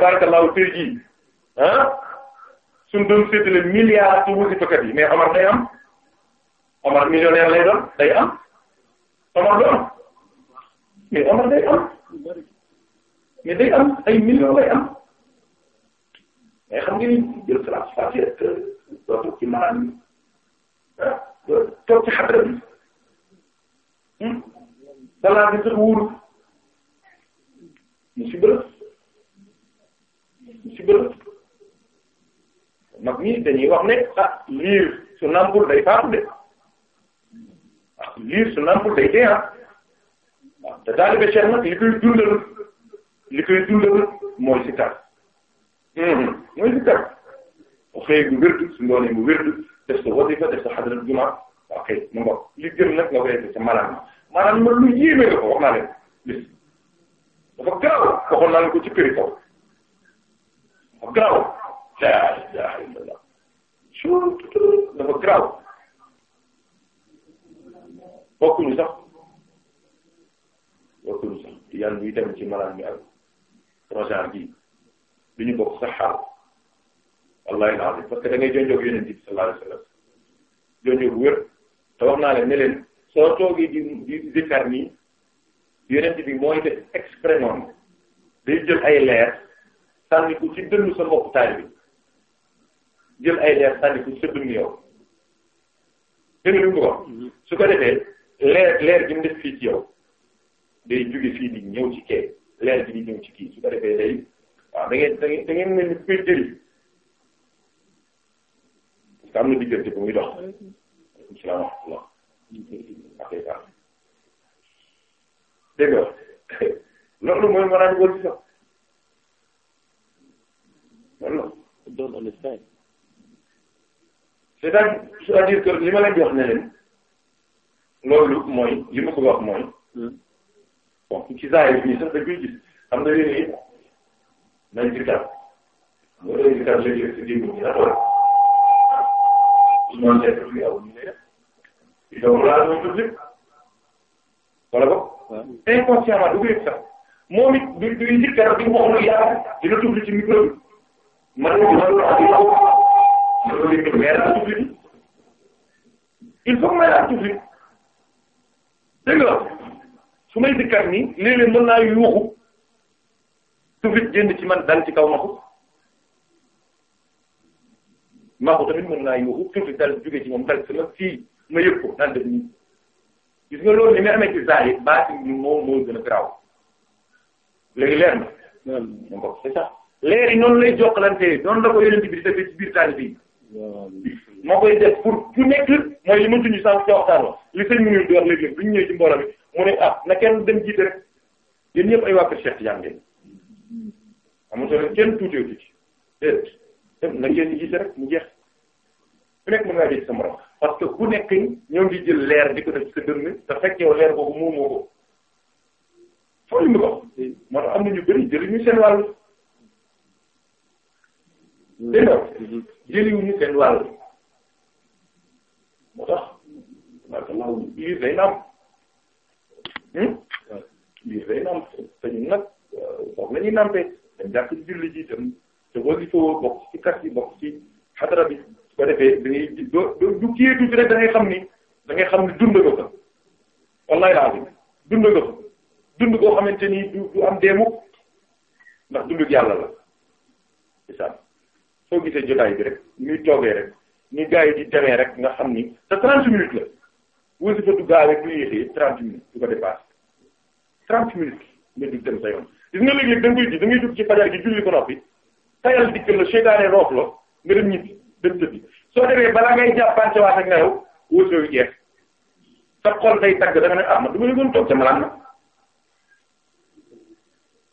tabarakallahu tey jii ah suñ doon séddale milliards ci wasifakat yi mais Omar day am Omar millionnaire lay doon day am Omar du am mais Omar day am mais day am ay millions lay am mais xam nga ni jël sa laaj dootul ci maanaam ah toog ci xadra bi dalaa hmm, di sax wóorul ñu si bëri. ci bërëb mag ñi dañuy wax ne ah liir su nàmpul day faatu de ah, liir su day dee ah waaw ah, te taalibe Cheikh li koy dundal li koy dundal mooy si tar hmm, mooy si tar bu xëyee bu wérdu su ngoonee bu wérdu def juma waaw ah, kay mu li gën nag nga koy def sa maanaam maanaam ma lu wax naa bis dafa gaaw waxoon naa leen ko ci garaaw laa ilaaha illallaah dafa garaaw bokkuñu sax bokkuñu sax yan bi tamit ci malaan bi ak rosaar gi du ñu bokk sax xaal wallahi alazim parce que da ngay jonjoog yonent bi sallallahu alayhi wasallam jonjoog wér te wax naa leen ne leen soo toogee di di zikkar nii yonent bi mooy def exprès noonu day jël ay leer sànni ko ci dënnu sa mbokk taalibe bi jël ay leer sànni yow dégg nga li mhm. ko wax defee leer leer gi fii ci yow day fii di ñëw ci kee leer gi di ñëw ci kii defee day waaw da ngeen da ngeen da ngeen mel ni koy jëriñ parce que am na diggante bu muy dox aleykum nga loolu mooy mën a loolu don't understand c'est à dire que li ma leen di wax ne leen loolu mooy li ma ko wax mooy hmm. bon ci saa yi nii sax dañ koy gis am na léegi nañ ci kat nga doon ci kat léegi si déglu ñu la toll. ñu mën leen di aw ñu ne def donc laal mooy tout lépp wala ko. inconsciemment du ko yëg sax moom it du du a di nga wax lu yaatu dina tudd ci man loolu ak yow may laal tuuti il faut may laal tuuti dégg nga su may dikkaat nii léeg-léeg mën naa yuuxu tuuti génn ci man dal ci kaw maxu maxu tamit mën naa yuuxu tuuti dal jóge ci moom dal ci ma fii ma yëg ko naan def nii gis nga loolu ni muy amee ci zahir baati ñu moom moo gën a garaaw léegi leer na moom bokk c'est ça leer yi noonu lay jokkalante noonu la ko yonent bi di defee ci taal bi moo koy def pour ku nekk mooy li ma tuñu sànq ca waxtaan wa li sëñ mu di wax léeg-léeg bu ñu ñëwee ci mbooloo mi mu ne ah na kenn dem jiite rek yéen ñëpp ay waa Kër Cheikh Tidiane ngeen amatoo leen mu jeex ku nekk mën ngaa jiite sa morom parce ku nekk ñoo ngi jël leer di ko def sa dënn te fekk leer boobu moo moo ko fooy ko moo tax am na ñu bëri jëriñu seen dégg nga jëliwuñu seen wàll moo tax liir day naam liir hmm? day naam te ñun nag moom euh, la ñuy nampé dañ jàpp julli ji tam te wasifa bokk ci kàtt yi bokk ci xadara bi su ko defee da doo doo du kii tuuti rek da xam ni da xam ni dund nga ko wallaay laa bi dund nga ko dund koo xamante ni du du am deemu ndax dundug yàlla la c'est soo gisee jotaay bi rek ñuy toogee rek di demee nga xam ni te 30 minutes la wasifa du gaaw rek du yéexee 30 minutes du ko dépassé 30 minutes nga jug dem sa yoon. gis nga léegi da nga koy ji da ngay jug ci fajar gi julli ko noppi tayal dikk la seytaane roof la nga dem ñibbi dem tëddi soo demee balaa ngay jàppante nga yow wasifa yu jeex sa xol day tagg da nga ne ah man du ma yëgoon toog sama lan la.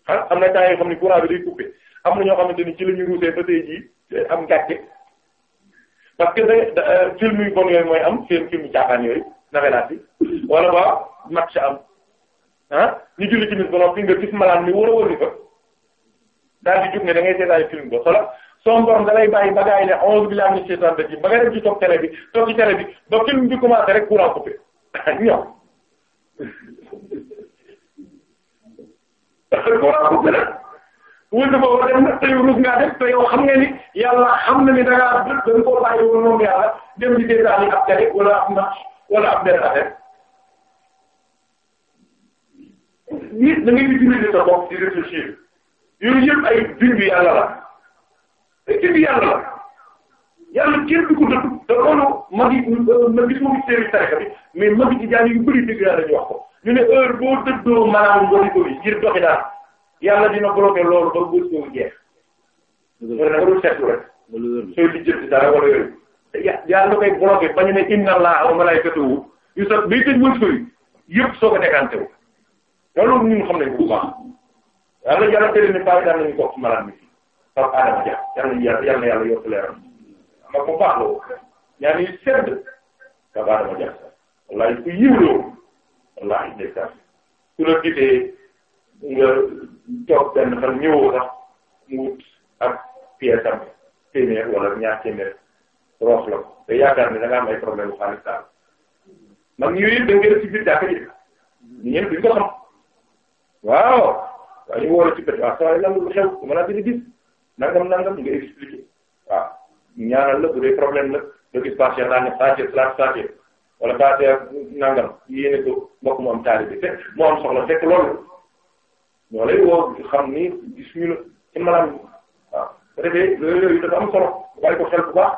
ah am na temps yoo xam ne courant bi day coupé am na ñoo xamante ni ci la ñu ruusee ba tey jii am gàcce parce que euh, film yu bon yooyu mooy am seen film caaxaan yooyu nawenaat yi wala ba match am ah ñu julli ci mis ba noppi nga gis malaan mi war a wër ko daal di jug ne da ngay seetaay film ba xoola son borom da lay bàyyi ne onze billahi minash shaitanir rajim ba nga dem ci toog télé bi toog ci bi ba film bi commencé rek courant coupé ñëw courant coupé rek wul dafa war a dem nag te yow ruus ngaa def te yow xam nga ni yàlla xam na ni da ngaa da nga koo bàyyi woon moom wala ab wala ab benn affaire. nit da ngay utiliser sa ay bindu yàlla la ay bindu yàlla la yàlla kenn du ko bi mais mag yi ci jàng ko ñu ne heure boo yàlla dina bloqué loolu ba góor soobu jeex. loolu nag lu seetlu rek. sooy di jënd dara wala yooyu. yàlla koy bloqué bañ ne inna allaha wa malaikatahu yu sax day tëj wërsëg yi yëpp soo ko décanté wu. loolu ñun xam ne Paa yi daan nañu ko ci malade bi fii. Pape Adama Dia yàlla na yàlla yàlla na yàlla yokk ma ko baax loo ku yiw loo wallaahi ndeysaan ku la gisee. nga toog benn fan ñëwoo sax mu wut ak pièce am téeméer wala ñaar téeméer roof la ko te yaakaar ne da nga am ay problème bu xaalis daal man yooyu da nga def ci biir jàkka ji ñeent duñ ko xam waaw waaye ñu wóor ci bët waaw saa yi lan lu xew mën naa a gis nangam nangam nga expliqué waaw ñaanal la bu dee problème la nga gis passé naa ne passé place passé wala passé nangam yéene ko mbokk mu am taalibe ñoo lay woo xam ni gis ñu la ci malam yi waaw bu defee loolu yooyu dafa am solo bàyyi ko xel bu baax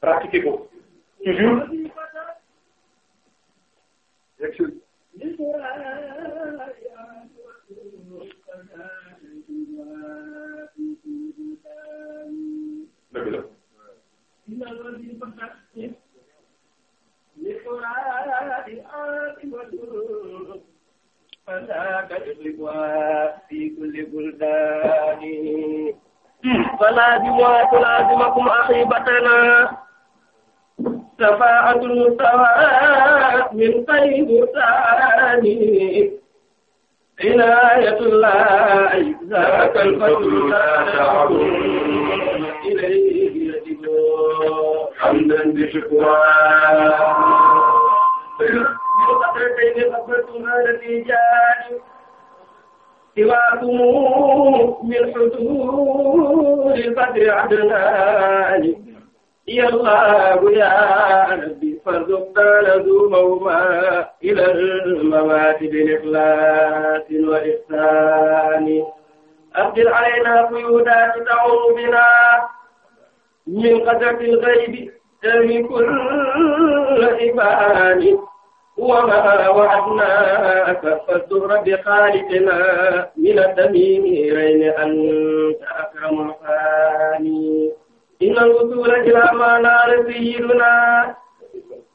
pratiquer ko toujours. dëgg la. فذاك الإغواء في كل بلدان فلازموا تلازمكم أخيبتنا سفاءة المستوى من خير ثاني عناية الله ذاك الفضل لا تعبون إليه يجب حمدا بشكران مرتين قبلتما الذي جاء سواكم من حدود البدر عدنان يا الله يا ربي فارزقنا لزومهما إلى الممات بإخلاص وإحسان أبدل علينا قيودا تدعو بنا من قدرة الغيب من كل إيمان وما وعدناك فاستهر بخالقنا من التميمين أنت أكرم الخالقين إن الوصول إلى ما نال سيدنا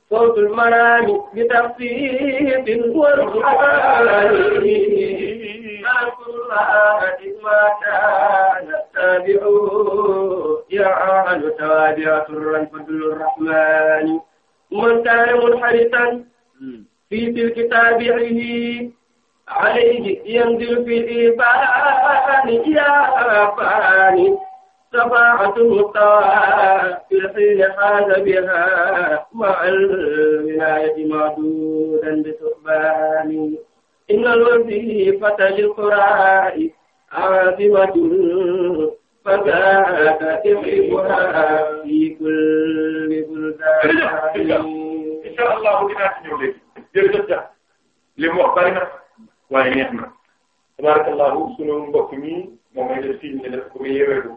صوت المنام بتخفيف والقرآن أذكر الله ما كان التابع يا عال تابعة الرحمن من كان منحرفا fii biir kitaabi yi alayhi yanzil fil ibaani yaa faani safaatu muqtaa fil xiini xaasa biha ma al wilaayati maaduudan bi suhbaani inna al wasiifata lil quraa'i azimatun fagaaka tuhibuha fi kulli buldaani insha allahu dinaa ci ñëw léegi jërëjëf ja li mu wax bari na waaye neex na tabarakallahu sunu mbokk mi moom may def fii ne def ko yeeweeku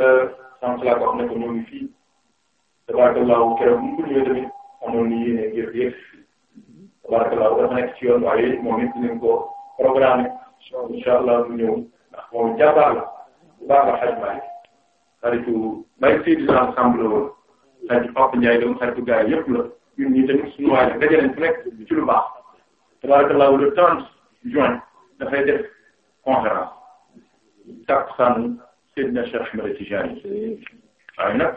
euh, sant laa ko wax ne ko ñoo ngi fii tabarakallahu keroog mu ngi ñëw tamit amoon na yéene ngir yëg tabarakallahu dafa nekk ci yoon waaye moom it dinañ ko programmer insha allah mu ñëw ndax moom jàmbaar la bu baax la xaj maay xaritu may fii dina ensemble woon xarit Papa Ndiaye doomu xaritu gars yi yëpp la ñun ñii tamit suñu waa ji dajale fu nekk ci lu baax tabarakallah le 30 juin dafay def conférence takkusaanu Seydina Cheikh Ahmed Tidiane waaye nag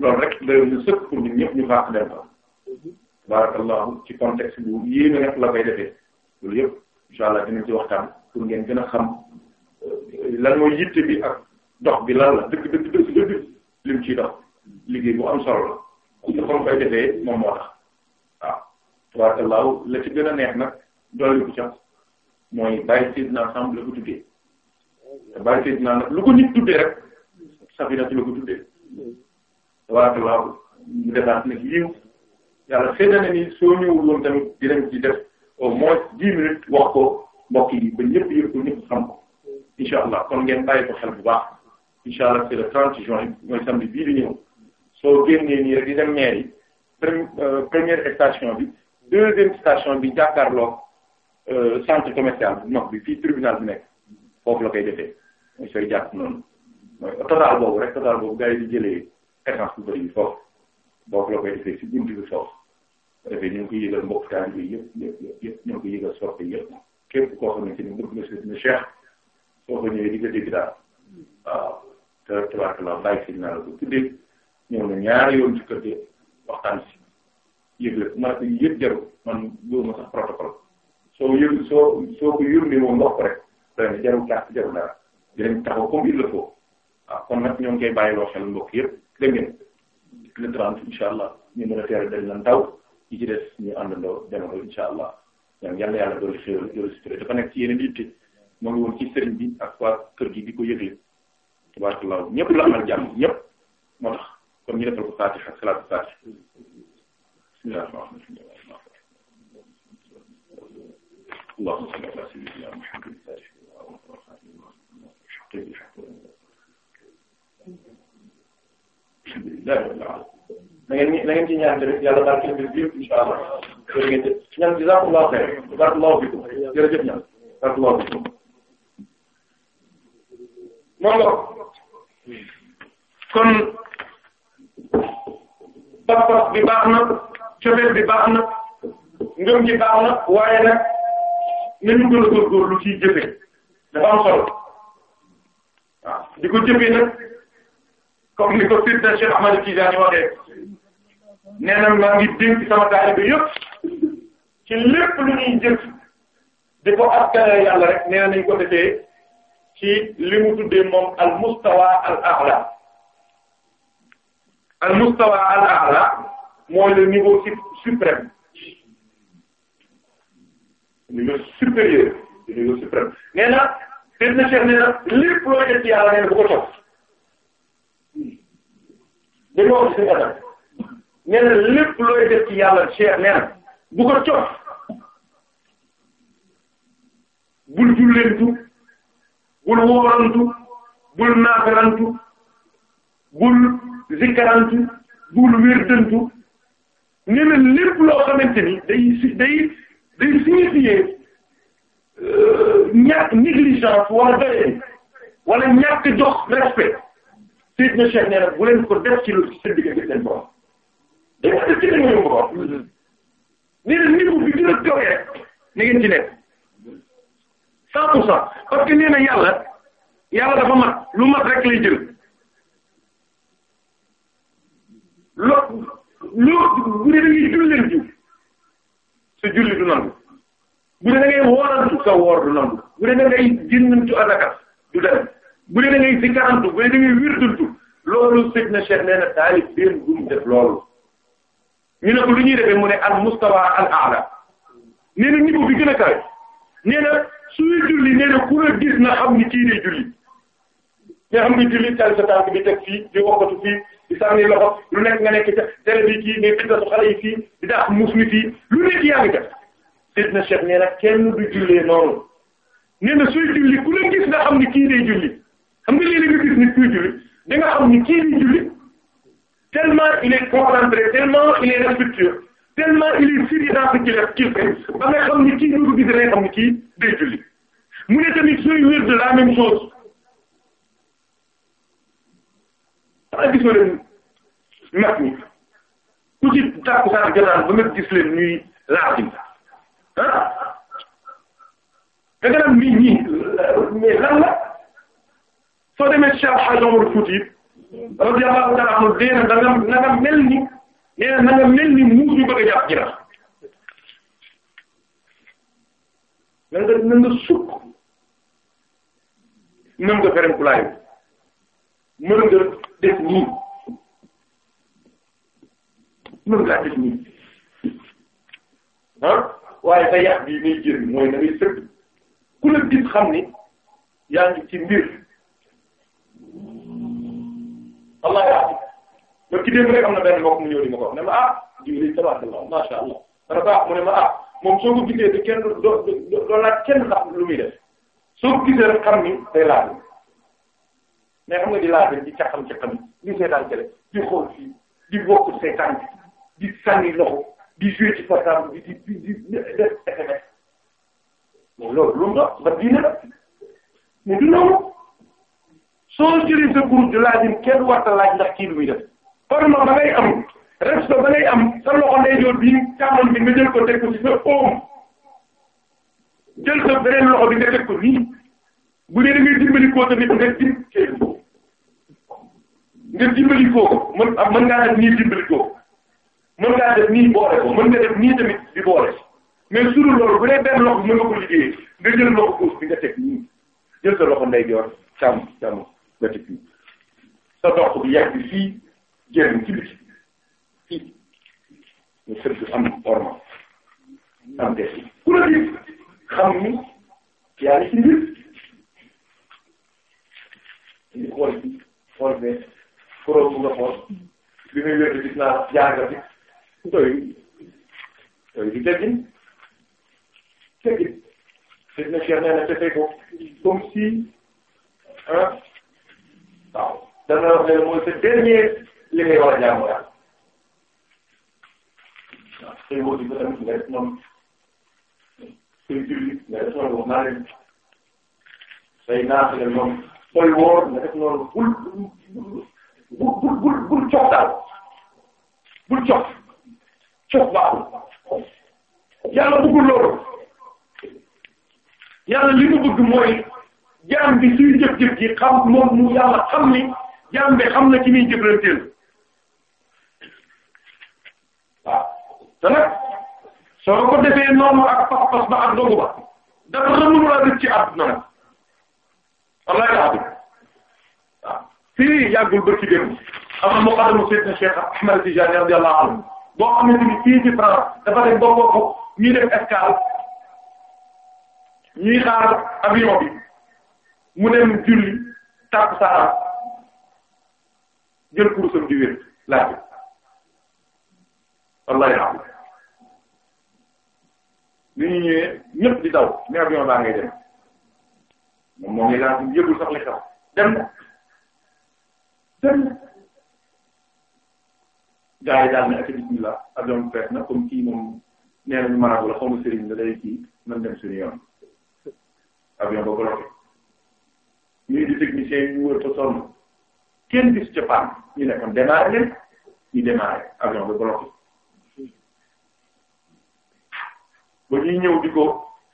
loolu rek day ñu sëkk pour ñun ñëpp ñu faax dem fa tabarakallah ci contexte bu yéeme nag la koy defee loolu yëpp incha allah dinañ ci waxtaan pour ngeen gën a xam euh, lan mooy yitte bi ak dox bi lal la dëgg dëgg dëgg dëgg lim ciy dox. liggéey bu am solo la ku ci xol koy defee moom moo tax waaw ci gën a neex nag dolli ko ca mooy bàyyi Seydina Samb la ko tuddee te bàyyi Seydina nag lu ko nit tuddee rek safina si la ko tuddee tabarakallahu mu defaat nag yiw yàlla xëy na ne ni soo ñëwul woon tamit dinañ ci def au moins dix minutes wax ko mbokk yi ba ñëpp yëpp ko ñëpp xam allah kon ngeen bàyyi ko xel bu baax allah c'est le 30 juin mooy samedi bii di ñëw soo génnee nii rek di dem mairie euh, première station bi deuxième station bi jàkkaarloog euh, centre commercial bi ndox bi fii tribunal bi nekk foofu la koy defee mooy sooy jàpp noonu total boobu rek total boobu gars di jëlee essence bu bëri bi la koy defee si bunt bi foofu defee ñu koy yëgal mbokk taal bi yëpp yëpp yëpp ñu ngi koy yëgal soppe yëpp képp koo waaw te tubaab la bàyyi si la ko tuddee. ñëw na ñaari yoon ci kër gi waxtaan si yëgle man ak yëpp sax protocole soo yëg soo soo ko yëngu moom ndox rek danañ jarul carte jarul dara dinañ taxaw ah, ñoo ngi koy bàyyi loo xel mbokk yëpp dégg allah ñu mën a teel a dañ lan taw yi ci des ñu àndandoo demal incha allah ñoom yàlla yàlla ci yeneen yitte moo ngi woon ci sëriñ bi ak waa kër gi di ko yëgle tubaab ñëpp la amal jàmm ñëpp tax. kon ñu defal ko Faatiha ak salaatu Faatiha bismillah allahumma salli ala sayyidina Muhammad alhamdulillah na ngeen na ngeen ci ñaan tamit yàlla baal kii bi yëpp incha allah loolu ngeen jëf ñaan jazakumullahu xayr barakallahu fikum jërëjëf ñaan barakallahu fikum noonu la kon pas-pas bi baax bi baax na ngëm gi baax na waaye nag nañu gën a góorgóorlu ciy jëfee dafa di ko jëfee nag comme ni ko Seydi Cheikh Ahmad Tidiane waxee nee na maa ngi dénk sama taalibe yëpp ci lépp lu ñuy jëf di ko askane yàlla rek nee nañ ko defee ci li mu tuddee moom al mustawa al a'la al mustawa al a'la mooy le niveau suprême niveau supérieur le niveau suprême nee na tey na Cheikh nee na lépp loo jël ci yàlla nee na bu ko topp dañoo wax ci Adam nee na lépp looy def ci yàlla Cheikh nee na bu ko topp bul jullentu bul woorantu bul naafirantu bul zikkarantu bul wérdantu ne na lépp loo xamante ni day si day day signifier euh, ñàkk négligence wala doyee wala ñàkk jox respect Seydina Cheikh nee na bu ko def ci lu seen diggante seen borom day wax def ci dañoñu borom nee na niveau bi gën a kawe rek ni ngeen ci nekk cent pour cent parce na yàlla yàlla dafa mat lu mat rek lay loo loo bu dee da ngay julleen julli du nangu bu dee da woorantu sa woor du nangu bu dee da ngay génnantu azaka du dem bu dee da ngay zikarantu bu dee da loolu sëñ na Cheikh nee taalib benn bu def loolu ñu ne ko lu ñuy defee mu ne al mustawa al aala nee na niveau bi gën a kawe nee na na la gis na xam ni kii day julli nga xam julli teel sa tànk di fii di wokkatu fii di sànni loxo lu nekk nga nekk ca télé bi kii mais bidda su xale yi fii di daax muus fii lu nekk yaa ngi def sidna Cheikh nee kenn du jullee noonu nee na julli ku la gis nga xam ni kii day julli xam nga léeg-léeg gis nit kuy julli da xam ni kii day julli tellement il est concentré tellement il est respectueux tellement il est sérieux dans ce qu'il qu'il xam ni kii doo ko gis da nga xam ni kii day julli mu ne xanaa gisoo leen ñax mi ku ci takku saa gannaaw ba nga gis leen ñuy laajim ah te gannaaw mi ñii mais lan la soo demee Cheikh Hadj Omar Fouti dee na da mel ni nee na na mel ni muus yu bëgg a jàpp jinax na na nga sukk na nga fereñkulaayu def nii mën ngaa def nii ah waaye ba yàq mooy na ku la gis xam ni yaa ngi ci mbir allah yaa ngi ci démb rek am na benn mbokk mu ñëw di ma ko ne ma ah jiw lii tabarakallah masha allah dara baax mu ne ma ah moom soo ko gisee te kenn doo doo laaj kenn ndax lu muy soo ko rek xam ni day laaj. mais xam nga di laajal di caxam caxam di seetaan télé di xool fii di bokk seetaan di sànni loxo di jouer ci di di di di def SMS mais loolu lu mu doon ba diine la mais du noonu ba ngay am respect ba ngay am sa loxo ndeyjoor bi càmmoñ bi nga jël ko teg ko ci sa oom jël sa beneen loxo bi nga teg ko nii bu dee da ngay dimbali koo tamit nga dimb nga dimbali ko mën ah, mën ngaa def nii dimbali ko mën ngaa def nii boole ko mën nga def nii tamit di boole mais suru loolu bu dee benn loxo mën nga ko liggéeyee nga jël loxo gauche bi nga teg nii jël sa loxo ndeyjoor càmm càmm nga teg nii sa dox bi yàgg fii génn ci biti fii nga sëgg am orma am des ku la gis xam ni yaa ngi ci mbir xool bi xool bee kuréel bu nga xool bi muy wér gis naa jaaga bi doy doy du teggin teggin xëy na cher nee na te ko comme si ah waaw dana wax ne mooy sa dernier li ngay war a jaamu daal waaw tey boo ko tamit nga def noonu tey julli nga def noonu wax naa leen tey naafila noonu tey woor nga def noonu bul bul bul bul bul cof daal bul cof cof baaxul yàlla bëggul loolu yàlla li mu bëgg mooy jaam bi suy jëf-jëf ji xam moom mu yàlla xam ni jaam bi xam na ci muy jëflanteel waaw te nag soo ko noonu ak pas-pas ba ak ba dafa rënd mu la def ci àdduna nag wallaay laa fii yàggul ba ci démb am na muqaddamu Seydina Cheikh Ahmed Tidiane radiyallahu anhu boo xamante ni fii ci France dafa dem ba bokk ñuy def escale ñuy mu dem julli tàpp saxaar jël kurusam di wér wallahi am li ñu ñëwee di daw mais avion baa ngay dem moom moo ngi laaj yëgul dem benn gars yi daal ne ak bismillah avion na comme kii moom nee nañu marabu la xaw ma sëriñ la day kii dem suñu yoon avion ba di technicien yi ñu wër fa sonn kenn gis ca paan ñu ne kon démarré leen ñu démarré avion ba bloqué ba ñuy ñëw di ko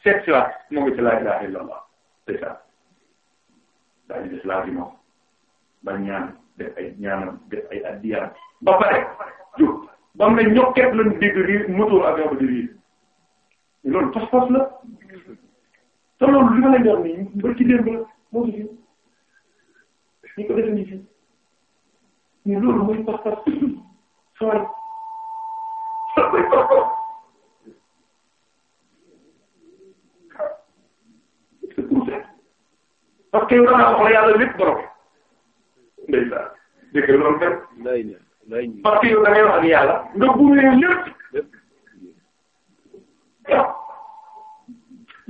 seet si waat mu ngi ci laa ilaha illallah c'est def ay ñaanam def ay addiyaam ba pare jub ba mu ne ñokket lañu dégg riir moteur avion ba di riir loolu pas-pas la te loolu li ma leen di wax nii mbër ci démb la moo ci ñu ko defee nii fii mais loolu mooy pas-pas sooy parce que yow da ngaa wax la yàlla lépp borom. ndeysaan dégg nga loolu lépp. parce que yow da ngay wax nga buuree lépp.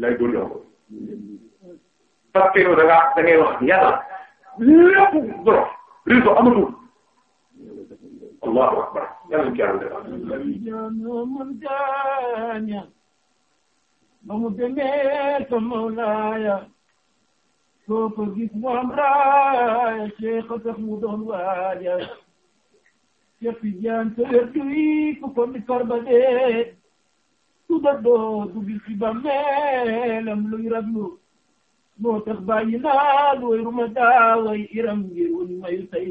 lay dundal ko. parce que yow da ngaa da ngay wax ak yàlla lépp borom réseau amatul. allahu akbar soo ko gis mu am raay Cheikh sax mu doon waaja Cheikh Tidiane sa wertu yi ku ko mi karba dee su dadoo du gis ci bàmmeelam luy raglu moo tax bàyyi naa lu wéru ma daaway iram ngir wun mayu tey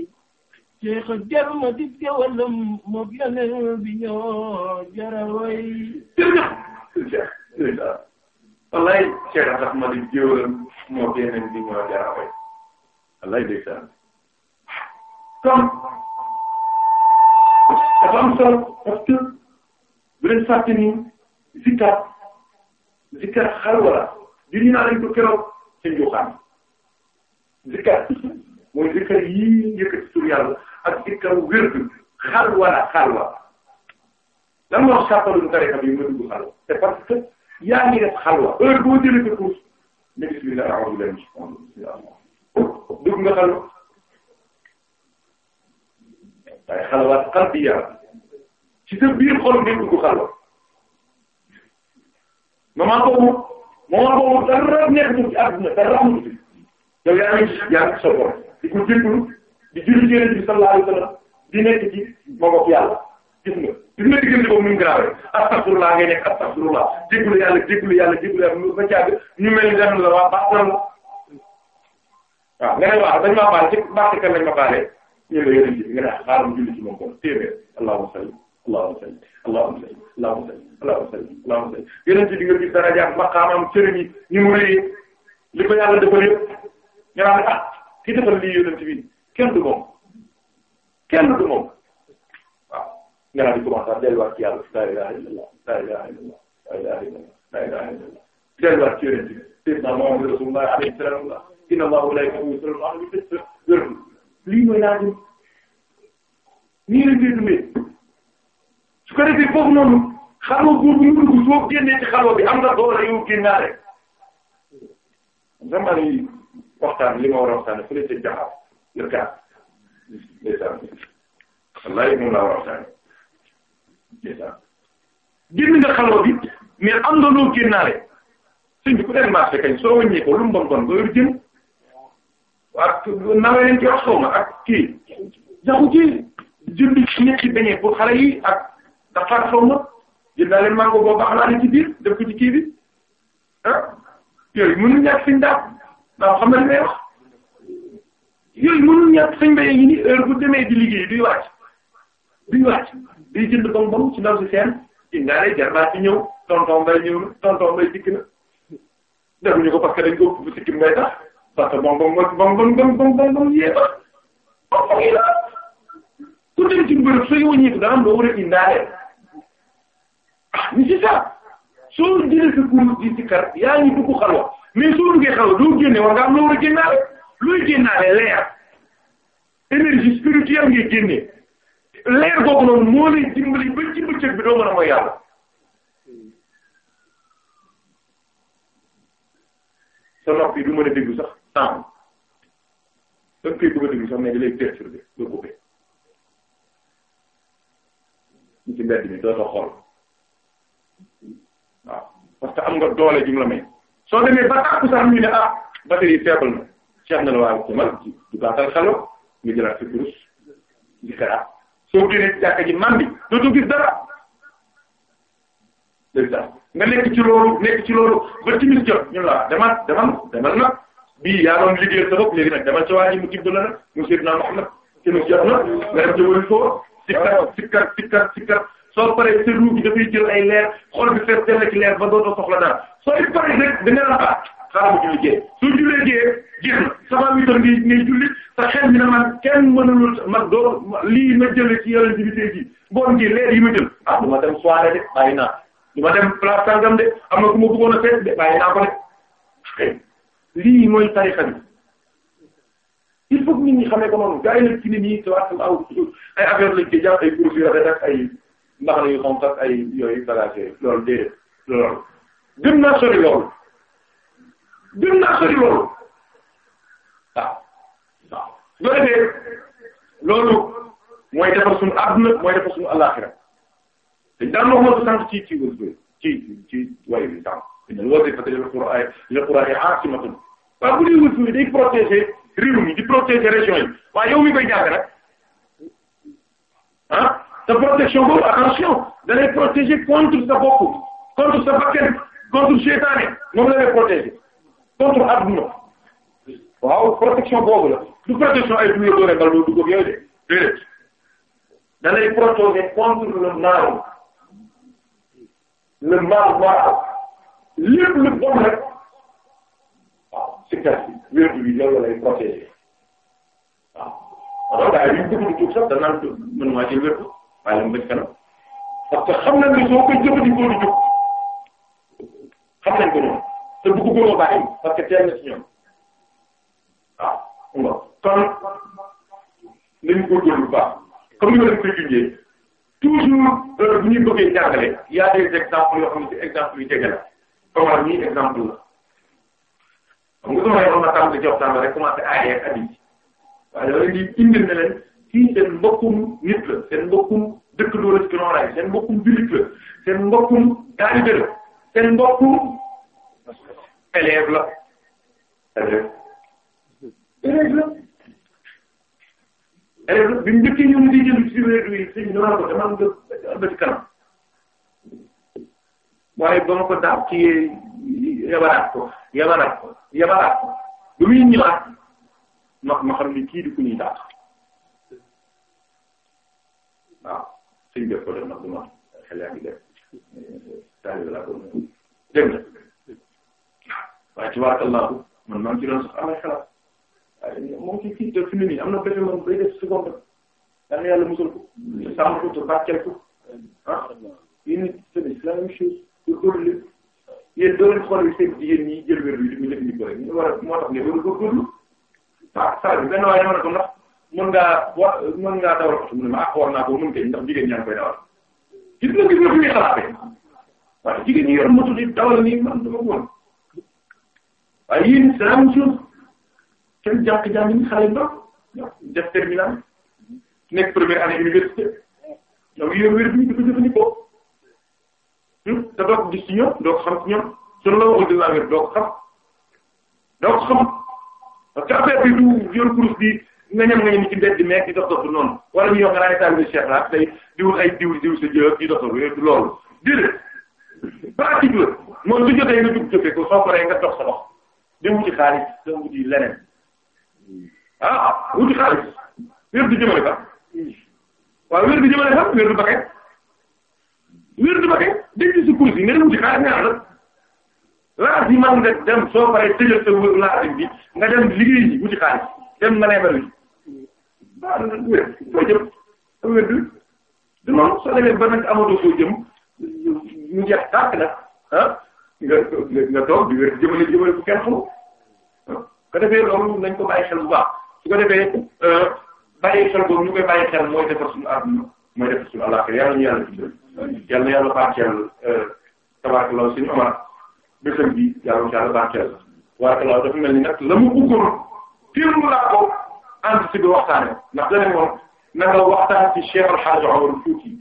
Cheikh jar ma dig gewalam moog yeneen bi ñoo jara way wallaay Cheikh sax ma dig gewalam ñoo génn ñi ñoo jar a way wallay ndeysaan kon dafa am solo parce que bu leen fàtte ni zikkar zikkar xalwa la diri naa lañ ko keroog ca njuuxaan mooy zikkar yii yëkkati tur yàlla ak zikkar wér bi xalwa la xalwa lan moo sàppalu tarixa bi nga dugg xalwa c'est parce que yaa ngi def xalwa heure boo jëlee sa course nekk ci biir dara aw bi dugg nga xalu waaye xalawaat qalbiya ci sa biir xol ngay dugg xalu maman boobu maman boobu dara nekkul ci àdduna dara amul ci yow yaa ngi yaa ngi sa bopp di ko jëkkul di julli ci Yonent bi sallallahu alayhi wa sallam di nekk ci ma bopp yàlla. gis nga gis nga diggante boobu ñu gravé astaghfirullah ngay nekk astaghfirullah jéggalu yàlla jéggalu yàlla jéggalu yàlla ba caag ñu mel ni dañu la waa baax na la waaw nga ne waaw dañu maa baal ci baax ci kan lañ ma baalee ñu ne yéen a ngi ci nga ne xaaral ma julli ci moom kon téeméer allahumma salli allahumma salli allahumma salli allahumma salli allahumma salli allahumma salli yéen a ngi ci di nga gis daraja ak maqaamam cëriñ yi ñu mu rëy li ko yàlla defal yëpp ñu naan ah ki defal lii yéen a ngi ci biir kenn du moom kenn du moom. nga daal di commencé à delluwaat ci yàlla la ilaha illallah la ilaha illallah la ilaha illallah la ilaha illallah delluwaat ci yonent bi sayyidina Muhammad rasulullah alayhi salaam inna Allaha wa malaa'ikatahu yusalluuna ala nabi lii mooy naa ñu nii lañ koy dundee su ko defee foofu noonu xaloo góor bu mu dugg soo génnee ci xaloo bi am nga doole yow génnaale. vraiment li waxtaan li ma war a waxtaanee fële ca Jaxaaw yërkaat. ndeysaan wallaay moom laa war a waxtaanee génn nga xalwa bi mais am nga loo génnaale ku dem marché soo wëññee ko lu bon bon nga yor jëm ak nawee leen ci wax ak kii jaxu ci jënd ñetti beñee pour xale yi ak dafa xaw ma jëndaale mango boo baax laa ne ci biir def ko ci kii bi ah yooyu mënuñ ñàkk suñ daal ndax xam na li may wax mënuñ ñàkk suñ yi ni heure bu demee di liggéey duy wàcc duy wàcc. day jënd bonbon ci ndaw si seen ci ngaare jarbaat ci ñëw tonton mbay ñëw na tonton mbay dikk na defuñu ko parce que dañ ko ëpp bu sikkim ngay tax parce que bonbon bonbon bonbon bonbon yee ba bonbon yi la ku dem ci mbërëb soo yow ñëpp dana loo war a indaale ah mais c'est ça soo jëlee sa kuréel di si kar yaa ngi dugg xalwa mais soo duggee xalwa doo génne war nga am loo war a génnaale looy génnaale leer énergie spirituelle ngay génne. leer googu noonu moo lay dimbali ba ci bëccëg bi doo mën a mooy yàlla sa nopp bi du mën a déglu sax tàmm da nga koy bëgg a déglu sax mais da lay perturbé nga coupé ñu ci mbedd bi doo sa xool waaw parce que am nga doole mu la may soo demee ba tàkku sax ah, na seet na la waaye ci mal ci du baatal xalo nga jëlaat soo génnee ci jàkka ji mandi dootoo gis dara dégg nga nga nekk ci loolu nekk ci loolu ba timis jot ñun la ah, demal demal demal nag yaa doon liggéeyal sa bopp léegi nag demal ci waa ji mu tibb la nag mu Seydina Muhammad timis jot na nga dem jëwal foo sikkar sikkar sikkar sikkar soo paree sa ruu dafay jël ay leer bi fees dell ci leer ba dootoo soxla dara soo paree rek dina la dara mu julli géej su jullee géej jeex na sama witar ngi ngay sa xel mi ne man kenn mënulul man doo lii ma jëlee ci yeneen bi tey jii ngoon leer yi ma jël ah du ma dem soirée de bàyyi naa du ma dem place sangam de am na ku ma bëggoon a seet de bàyyi naa ko de lii tarixa bi il faut que nit xamee ko noonu gars yi nag ci nit ñi waaw aw ay affaire lañ koy jàpp ay kuréel yu rafet ay mbaxana yu xonq ay yooyu bagage yooyu loolu déedéet loolu gën naa sori loolu. gën naa sori loolu waaw waaw loolu de loolu mooy defar suñu àdduna mooy defar suñu àllaaxira dañ daan wax loolu sànq ci ci wër ci ci waaye bi sànq dañu woote parce que le Coran ay le Coran ay aasimatun waaw bu dee wër day protéger réew mi di protéger région yi waaye yow mi koy jàppe nag ah te protection boobu attention da lay protéger contre sa bopp contre sa bakkan contre seytaane moom la lay protéger. contre adduna waaw protection boobu la du protection ay pluie doore bal doo dugg ak yooyu de déedéet da lay protéger contre le mal le mal moral lépp lu bon rek waaw sikkat bi wér bi loolu lay protéger waaw alors daal li ñu dugg tuug sax danaan mën maa ci wér waaye mu bëgg kanam parce que xam nañ ne soo koy jëfandikoo di jóg xam nañ ko noonu te bëgg gu ma bàyyi parce que teel na ci ñoom waaw bon kon nañu góorgóorlu baax comme ni ma leen koy junjee toujours heure bu ñuy bëggee jàngale y a des exemples yoo xam ne exemple yu jege la comme la ñuy exemple la xam nga sama yoon na tàmm di jox tàmm rek commencé aayee ak at yi waaye da leen di indil ne leen fii seen mbokkum nit la seen mbokkum dëkk doo la ci noonu laay seen mbokkum jullit la seen mbokkum daanaka la seen mbokkum. élève la élève élève la élève la bi mu njëkkee ñëw di jënd ci réew yi sëñ dama ko dama nga bëti kanam waaye ba ma ko daab ci yabaraat ko yabaraat ko yabaraat ko ba muy ñëwaat ma ma xam kii di ku ñuy daab waaw sëñ def ko def nag du ma xel yaa ngi def taali la ko dégg nga waaye tabarakallahu man maa ngi ci doon sax amay xalaat waaye moom ci fii fi mu nii am na benn moom bay def seconde da nga yàlla musal ko. sàmm ko te bàcceel ko ah yéen nit tamit c'est la même chose góorgóorlu yéen doo leen xool seen jigéen ñi jël wér bi di ko rek ñu war a moo tax nga war a góorgóorlu ah saa bi benn waaye dama ne ko ndax mën ngaa wa mën ngaa dawal ko mu ma ah war naa ko mën kay ndax jigéen ñaa ngi koy dawal. gis nga gis nga fi muy xalaatee waaye jigéen ñi yor moto waaye yéen c'est la kenn jàpp jàpp nañu xale ba def terminal nekk première année université donc yooyu bi ñu ko jëfandikoo hmm? te doo ko gis ci ñoom doo ko xam ci ñoom la waxul dinaa wér doo ko xam doo ko xam parce que affaire bi du yor kurus bi nga ñam nga ñam ci mbedd meeg di dox dox noonu wala ñu yor nga raay taal bi Cheikh la tey diwul ay diwul diwul sa jëf di dox dox du loolu déedéet pratique la moom su jotee nga jug jëfee ko soo paree nga dox sa dox. di wuti xaalis di wuti leneen ah wuti xaalis wér di jëmale fa waaw wér di jëmale fa wér di bakkee dem wuti xaalis nga ànd laaj man nga dem soo paree tëjal sa wér laaj bi nga dem liggéey ji wuti xaalis dem nga neefere ji ah wér foo jëm am wér du du noonu soo demee ba nag amatoo foo jëm mu jeex tàkk nag ah, nga nga toog di wér di jëmale jëmale bu kenn xamul. ko defee loolu nañ ko bàyyi xel bu baax su ko defee euh, bàyyi xel boobu ñu koy bàyyi xel mooy defar suñu àdduna mooy defar suñu àllaxira yàlla ñu yàlla ci yàlla yàlla barkeel euh, tabarakallah suñu amaat bésam bi yàlla yàlla barkeel tabarakallah dafa mel ni nag la mu bëggoon firndu laa ko anticiper waxtaane ndax dane moom na nga waxtaan ci Cheikh El Hadj Omar Fouti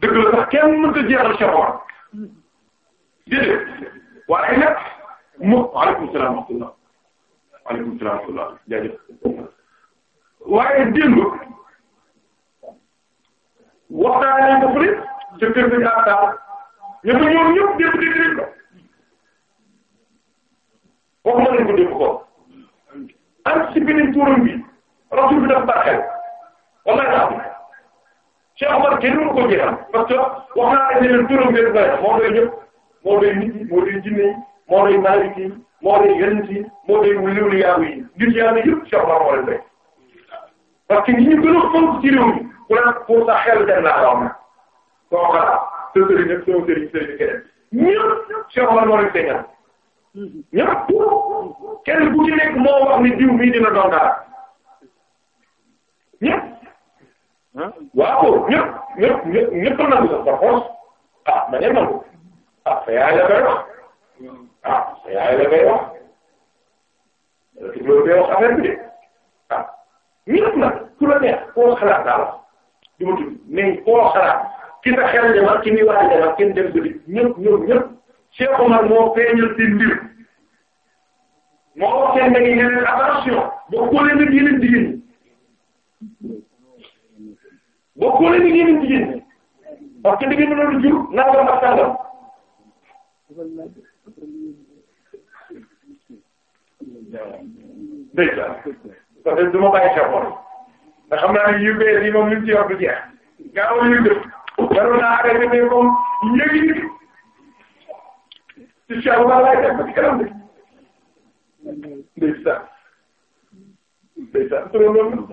dëgg la sax kenn mënta jeexal Cheikh Omar déedéet waaye nag mu aleykum salaam wa rahmatullah aleykum salaam wa rahmatulah jaajëf waaye démb waxtaanee ko fële ca kër ga jaataar ñëpp ñoom ñëpp démb dégg nañ ko waxuma nañ ko démb ko anticipé nañ turam bi rasul bi dafa barkeel wallaay daa am Cheikh Omar kenn mënu ko jeexal parce que wax naa ne leen turam bi moom day ñëpp moom day nit ñi moo day jinne yi moo day Maalik yi moo day yonent yi moo day awliyaa yi ngir yàlla yëpp Cheikh Omar moo leen doy parce que ñi ñu gën a fonk ci réew mi ku la pour sa xel dem laa xam na soo xalaat sa sëriñ ak sama sëriñ sëriñ keneen ñëpp Cheikh Omar moo leen feeñal ñëpp kenn ku ci nekk moo wax ni diw mii dina doon dara ñëpp waaw ñëpp ñëpp ñëpp ñëpp nangu sax par force ah ma ne nangu ah fa yaa la wax ah sa yaay la koy wax yow ci loolu day wax affaire bi de ah ñëpp nag ku la neex koo xalaat daal du ma tudd mais koo xalaat ci sa xel dem ak ci muy waaj dem ak kenn dem ba di ñëpp ñëpp ñëpp Cheikh Omar moo feeñal seen mbir moo wax seen da ngay ñeneen attention bokkule nit yeneen jigéen ñi bokkule nit yeneen jigéen ñi parce que da ngeen mënoon a jur nangam ak sangam. dëgg la parce que du ma bàyyi sa bopp nga xam naa ne yu bees yi moom li mu ci yor du jeex nga amoon yu dëkk waroon naa arrêté mais comme yéegi nit ci si waaw laay def ba ci kanam de ndeysaan ndeysaan turam loolu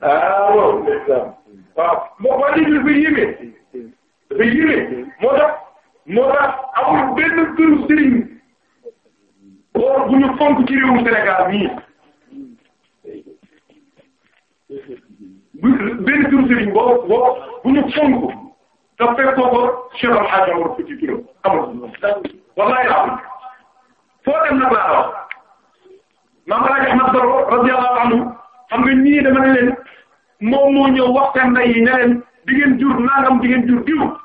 ah waaw ndeysaan waaw moo moo di gis ba yéeme ba yéeme moo tax moo tax amul benn këru sëriñ boor bu ñu fonk ci réewum Sénégal benn këru sëriñ boo boo bu ñu fonk ko Cheikh Al Hadj Omar Fouti Touré amul wallahi amul foo dem nag laa wax maam El Hadj Ahmed Baro radiyallahu anhu xam nga nii leen moom moo ñëw waxtaan na yi ne leen di ngeen jur nangam di ngeen diw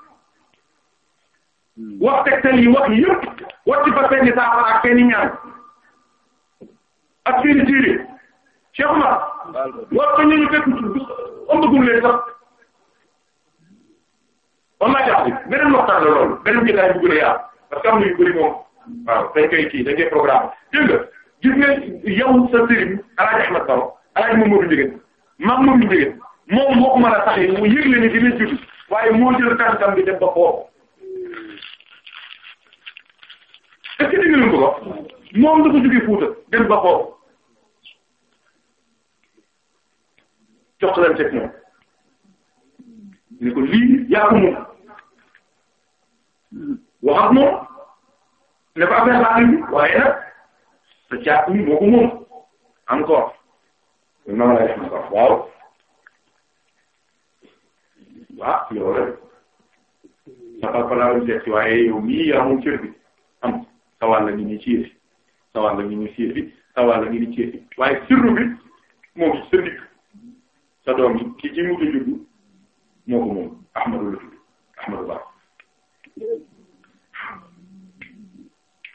wax tegtal yi wax yëpp wacci fa seeni saafara ak seeni ñaan ak seeni tiiri Cheikh Omar wax ko ñooñu fekk ëmbagum leen sax on naa jaaxle beneen waxtaan la loolu beneen jotaay bu gën a yaatu parce que am na yu bëri moom waaw dañ koy kii dañ koy programme dégg nga gis nga yow sa sëriñ Alaaji Ahmad Baro Alaaji Mamadou Ndiéguène maam Mamadou Ndiéguène moom moo ko mën a tax mu yëgle ni dina jur waaye moo jël tànkam bi dem ba foofu est-ce que dégg ko wax moom dafa jógee Fuuta dem ba xool jox leen teg moom ni ko yaa ko moom waxat moom ne ko affaire laa indi waaye nag sa caat mi moo ko moom encore ma lay def encore waaw waaw yow rek sa papa laa doon seet waaye yow mii yaa moom cër bi am sa wàll ngi ñu ci yëfi sa wàll ngi ñu ci yëfi sa wàll ngi bi moo ngi sa sa doom ki ci mujj a juddu moo ko moom Ahmadu la tudd Ahmadu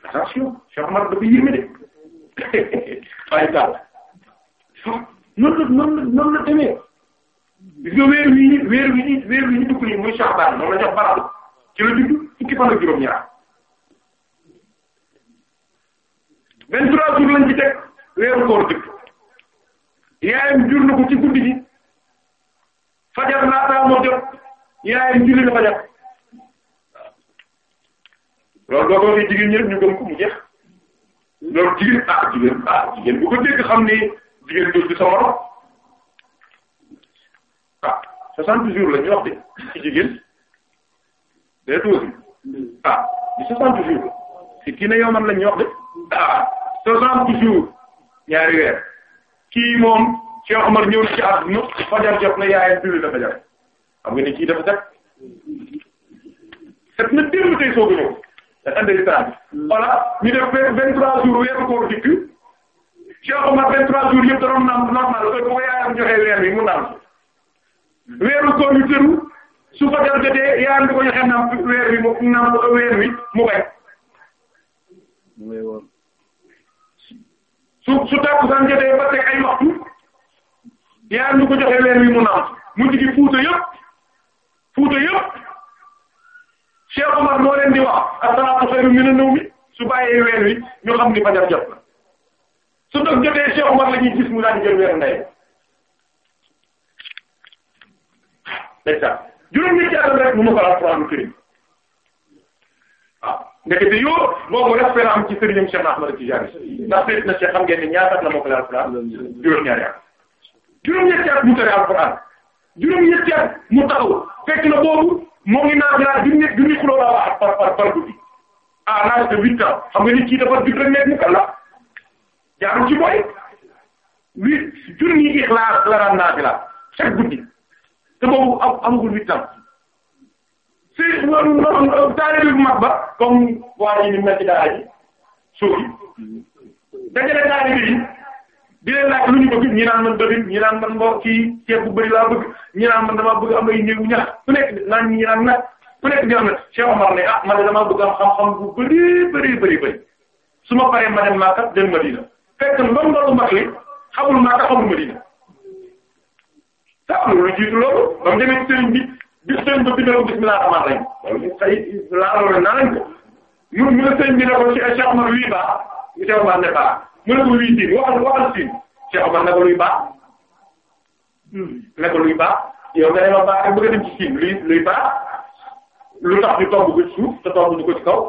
Ba attention Cheikh Omar dafa yéeme de waaye daal ah, noonu la noonu wi ñu weer wi ñu weer wi ñu dugg nii muy Sha'ban noonu la ñu baral ci la dugg fukki fan ak 23 jours lañ ci teg weeru koor dëkk yaayam jur na ko ci guddi gi fajar laataa moo jot yaayam julli na fajar loolu boo ko waxee jigéen ñu ko mu jeex loolu jigéen ah jigéen ah jigéen bu ko dégg xam ni jigéen du sa morom ah 60 jours la ñu wax de jigéen day tuuti ah 60 jours ci kii na yow man la ñu wax de ah. soixante jours ñaari weer kii moom Cheikh Omar ñëw na ci jot na yaayam julli na fajar xam nga ne kii dafa set set na démb tey soog a ñëw da andi saa voilà ñu def vingt trois jours weeru koor dikk Cheikh Omar vingt trois jours yëpp da doon naan normal heure bu ko yaayam joxee weer bi mu naan weeru koor yu tëru su fajar jotee yaayam di ko joxee naan weer bi mu naan weer bi mu bay. su su tàkkusaan jotee ba teg ay waxtu yaa ñu ko joxe leen wi mu naan mu jigi fuuta yëpp fuuta yëpp Cheikh Omar moo leen di wax as-salaatu xayrun mina nawmi su bàyyee weer wi ñu xam ni fajar jot su ndox jotee Cheikh Omar la ñuy gis mu daan jël weer ndey dégg nga juróom-ñetti atam rek mu ma ko Alxuraan karim ndekete yoo boobu respect la am ci sëriñam Cheikh Ahmad Tidiane ndax seet na Cheikh xam ngeen ne ñaata at la mokkale alxuraan juróom-ñaari at juróom-ñetti at mu tere alxuraan juróom-ñetti at mu taxaw fekk na boobu moo ngi naan laa du nekk du ñu xuloo laa wax par par par guddi à l'âge de huit ans xam nga ni kii dafa judd rek nekk mu kàlla jaarul ci booy huit junni Ixlaas la daan naafila chaque guddi te boobu am amagul huit ans. si loolu noonu taalibe bu mag ba comme waa ji ni mel ci daara ji suuf yi dajale taalibe yi di leen laaj lu ñu bëgg ñi naan man dëbin ñi naan man mbo ci ceeb bu bëri laa bëgg ñi naan man damaa bëgg am ay néegu ñax ku nekk naan ñi naan nag ku nekk di am na Cheikh Omar ne ah man de damaa bëgg am xam-xam bu bëri bëri bëri bëri su ma paree ma dem Makka dem Madina fekk ndongalu mag li xamul Makka xamul Madina te am na lu jiitu loolu ba mu demee sëriñ bi gis nañ ba bindal ko bismillah rahmaan rahim loolu tey laaloon naa lañ ko yow ñu ne sëñ bi ne ko Cheikh Omar wii baax Cheikh Omar ne baax mu ne ko wii siin waxal waxal siin Cheikh Omar ne ko luy baax ne ko luy baax yow nga ne ma baax bëgg a dem ci siin luy luy baax lu tax ñu tomb ko ci suuf te tomb ñu ko ci kaw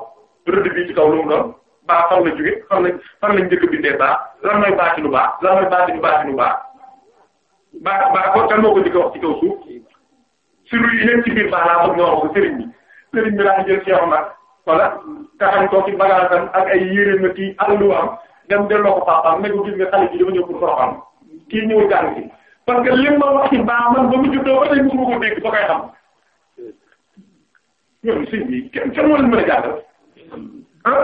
rëdd bi ci kaw lu mu doon baax fan la jóge fan lañ fan lañ njëkk bindee baax lan mooy baatinu baax lan mooy baatinu baatinu baax baax baax ko kan moo ko njëkk wax ci kaw suuf sirru yi lépp ci biir baaraam ak ñoom ak sëriñ bi sëriñ bi daan jël Cheikh Omar wala taxañ ko ci bagaasam ak ay yéreem ak kii alluwaam dem delloo ko papaam ne ko gis nga xale bi dafa ñëw pour toroxam kii ñëw jàng parce que lim ma wax ci man ba mu juddoo ba tey mosuma ko dégg ba koy xam ñoom sëriñ bi kenn kenn wala mën a jàngal ah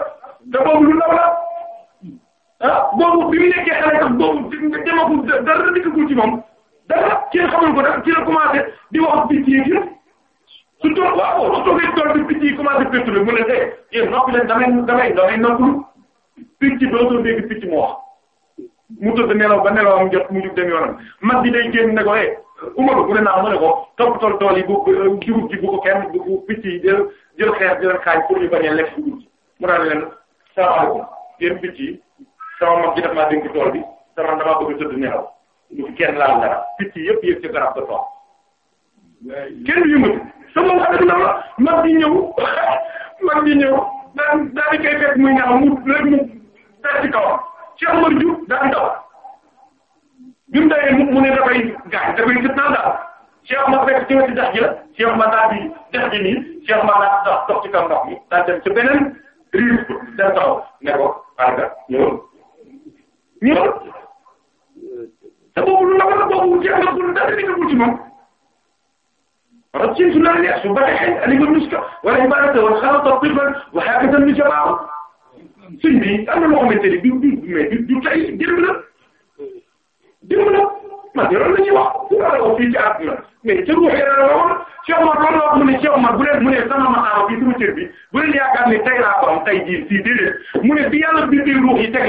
te boobu lu ndaw la ah boobu xale sax boobu dina demagul dara dikkagul ci moom. dara kenn xamul ko dara ci la commencé di wax picc yi yëpp su toog waaw bi picc yi mu ne tey yéen noppi leen damay damay damay noppalu picc dootoo dégg picc mu wax mu tëdd nelaw ba jot mu jug dem yoonam mag bi day génn ne ko eh Umaru mu ne naa mu ne ko toppatoo tool yi bu dugub bu ko bu bu picc yi jël jël xeer jël xaaj pour ñu bañ a lekk dugub mu daan leen salaamaaleykum yéen picc yi sama mag ji daf maa dénk tool bi sama damaa bu ci kenn laal dara picc yëpp yëpp ci garab ba toog kenn yu mën sama wax dëgg la mag di ñëw mag di ñëw daan daan di koy fekk muy ñaaw mu léegi mu def ci kawam Cheikh Omar Diouf daan daw bi mu dawee mu ne dafay gaañ dafay gis naa daal Cheikh Omar fekk ci wetu dex gi la Cheikh Omar daal di dex gi nii Cheikh Omar daal dox dox ci kaw ndox mi daal dem ci beneen rive ko dem taxaw ne ko àgga ñëw ñëw te boobu lawal boobu jeexagul dara diggagul ci moom. رتبت لها اليأس بارحا ألم المسكة والعبادة والخلطة طبا وحاكة بجماعة sëñ bi am na loo xamante ni du du mais du du tey jërëm la jërëm la man de loolu la ñuy wax pour nga wax fii ci àdduna mais ca ruux yàlla la woon Cheikh Omar loolu la wax mu ne Cheikh Omar bu leen mu ne sama maxaama bi sama cër bi bu leen yaakaar ne tey laa ko am tey jii si déedéet mu ne bi yàlla bi biir ruux yi teg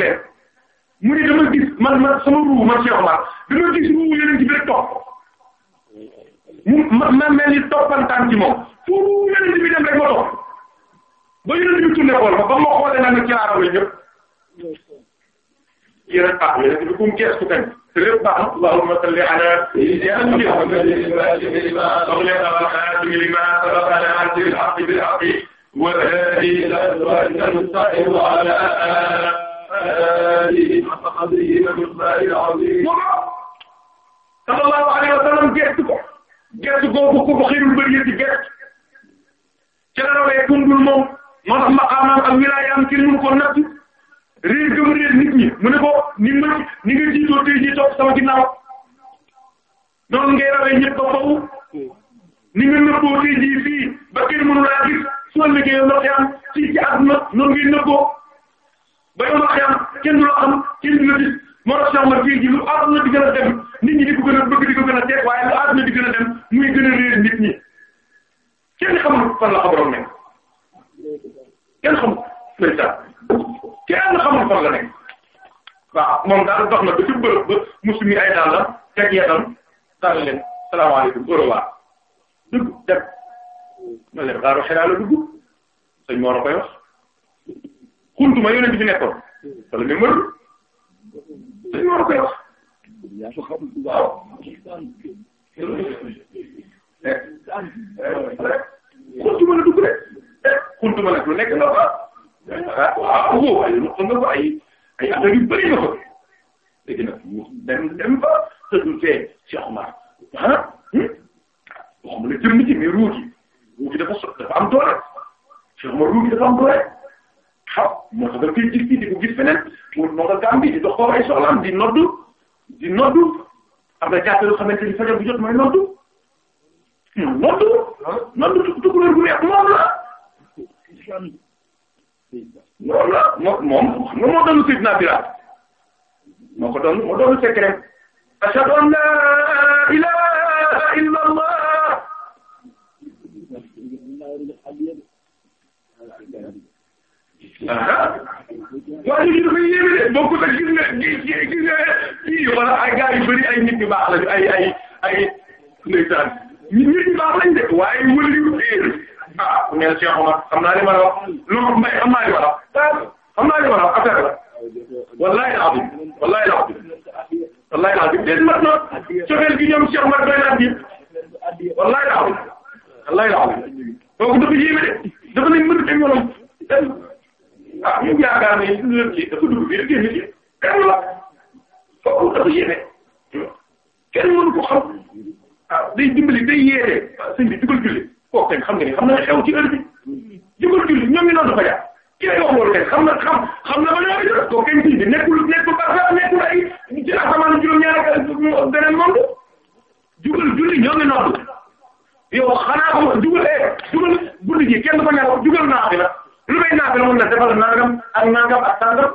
mu ne dama gis man man sama ruu man Cheikh Omar dama gis ruu yeneen ci biir topp mu ma ma mel ni toppantaan ci moom fu ruu yeneen bi dem rek ma topp ba yeneen bi tourné xool ma ba ma xoolee nag ci laa rawee ñëpp yéen a ah yéen a ko mu kees ku kañ te lépp baax na allahumma salli ala sayyidina Muhammad wa ala alihi آله وصحبه ومقداره العظيم صلى الله عليه وسلم gerte ko gerte googu ko xirul bëri rawee tundul moom moo tax maqaamam ak wilaayam kenn mënu ko natt réer gëm réer nit ñi mu ni ma ni nga jiitoo tey jii toog sama ginnaaw rawee ñëpp ba faw ni nga nëbboo tey jii fii ba kenn mënu laa gis soo liggéeyoo ndox yaa ci ci àdduna noonu ngay nëbboo ba yow ma xam kenn du loo xam kenn du la gis moo tax Cheikh Omar lu àdduna di gën dem nit ñi di ko gën a bëgg di ko gën a teg waaye lu àdduna di gën fan la xabaroon nekk kenn xamul ndeysaan kenn xamul fan la nekk waaw moom daal dox na ba ci bërëb ba musumi ay daal la teg yetam tànn leen salaamaaleykum au revoir dugg dem ma leen xaaru xelal la dugg sëñ Mor xuntu ma yonent bi nekkoon wala mi mër dañu war a koy wax waaw xuntu ma la dugg rek xuntu ma nag lu nekk nga fa ah waaw waaye lu xam nga fa ay ay affaire yu bëri nga fa léegi nag dem dem fa tëddul fee Cheikh Omar ah waxuma la jëmm ci mais ruugi ruugi dafa so dafa am doole Cheikh Omar ruugi dafa am doole waaw moo tax da koy di ko gis feneen mu noddakaam bi di dox ko ay di noddu di noddu am na jàpp yoo xamante mooy noddu hmm, noddu noddu tukulóor gu weex moom la moom la moom moom xam nga moo doon Seydina Bilaal moo ko doon moo waa ñu dafa yéeme de bokkut ak gis nga gis gis nga kii wala ay gars yu bëri ay nit ñu baax lañu ay ay ay ndeysaan nit ñi baax lañ de waaye wële yu ah mais Cheikh Omar xam naa li ma la wax loolu mbay xam naa li ma la wax ah, xam naa li ma la wax affaire la wallaahi al-azim wallaahi al-azim wallaahi al-azim déedéet mat na cofeel gi ñoom Cheikh Omar doy na addi wallaahi al-azim wallaahi al-azim donc dafa yéeme de dafa lañ mën a teg ah ñu yaakaar ne lu leen lii dafa dugg fii génn ci kenn la foofu dafa yéene kenn mënu ko xam ah day dimbali day yéene ah sëñ bi jugal julli kooku tamit xam nga ni xam na xew ci heure bi jugal julli ñoom ñu doon dafa jaar ki lay wax loolu xam na xam na ba ñoo ngi jot kooku kenn ci bi nekkul nekkul barke nekkul ay ci asamaan juróom-ñaar ak beneen monde jugal na. lu may naafila mun na defal nangam ak nangam ak sangam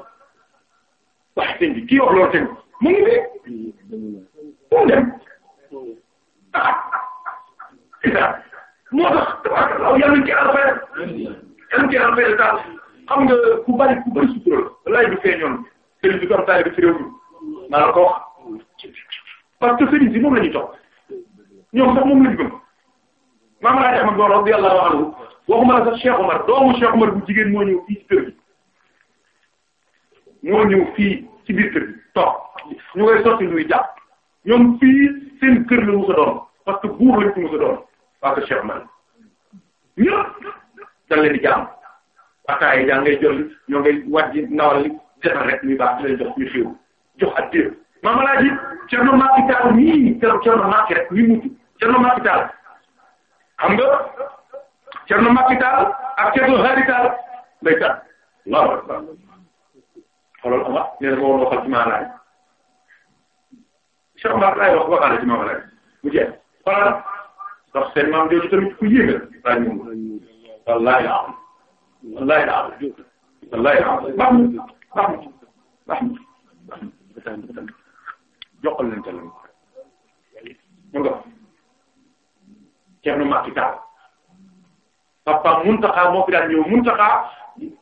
wax sëñ bi kii wax loolu sëñ mu ngi fi mu dem moo tax yàlla nañ ci alfayda yàlla nañ ci alfayda daal xam nga ku bari ku bari sutura lay du feeñoon sëriñ bi comme taalibe bi ci réew mi maa la ko wax parce que sëriñ si moom la ñuy toog ñoom sax moom la ñu waxuma a sax Cheikh Omar doomu Cheikh Omar bu jigéen moo ñëw fii ci kër gi moo ñëw fii ci biir kër gi toog ñu koy sotti luy jàpp ñoom fii seen kër la musa doon parce que buur lañ ci musa doon parce que Cheikh Omar ñëpp dañ di jaam ataay jaa ngay jël ñoo ngay wàcc nawal li defar rek muy baax di jox ñu xéw jox ak déer maama laa ji Thierno Macky Tall nii Thierno Macky rek ñu mucc Thierno Macky Tall xam Cerno Makki Taal ak Cerno Haari Taal day taal waaw xoolal xam nga nee na ma woon waxal ci maanaam Cheikh Mbacke laay wax waxaale ci maanaam mu jeex xoolal ndax seen maam jooju tamit ku yéeme la ñu ngi wallaahi la am wallaahi la am wallaahi la am baax na baax na baax na baax na joxal leen ca la nga Cerno Makki Taal papa Muntaxa moo fi daan ñëw Muntaxa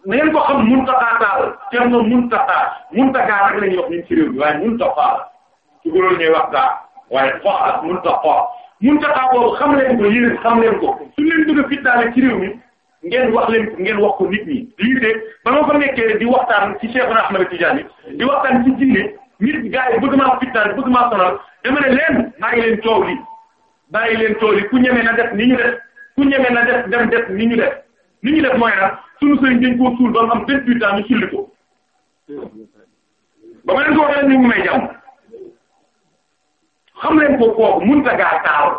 na ngeen ko xam Muntaxa taal Thierno Muntaxa Muntaxa rek a ñuy wax ñun ci réew mi waaye Muntaxa su ko loolu ñuy wax daa waaye xox ak Muntaxa Muntaxa boobu xam leen ko yéen xam leen ko su leen bëgg a fitnaale ci réew mi ngeen wax leen ngeen wax ko nit ñi. lii ba ma fa nekkee di waxtaan ci Cheikh a Tidiane di waxtaan ci diine nit gars yi bëgg maa fitnaale bëgg maa sonal dama leen bàyyi leen coow ku ñeme na def dem def li ñu def li mooy nag suñu sëriñ dañ koo suul ba mu am vingt-huit ans ñu ko ba ma leen ko waxee ni mu may jaww xam leen ko kooku mënta gaa taal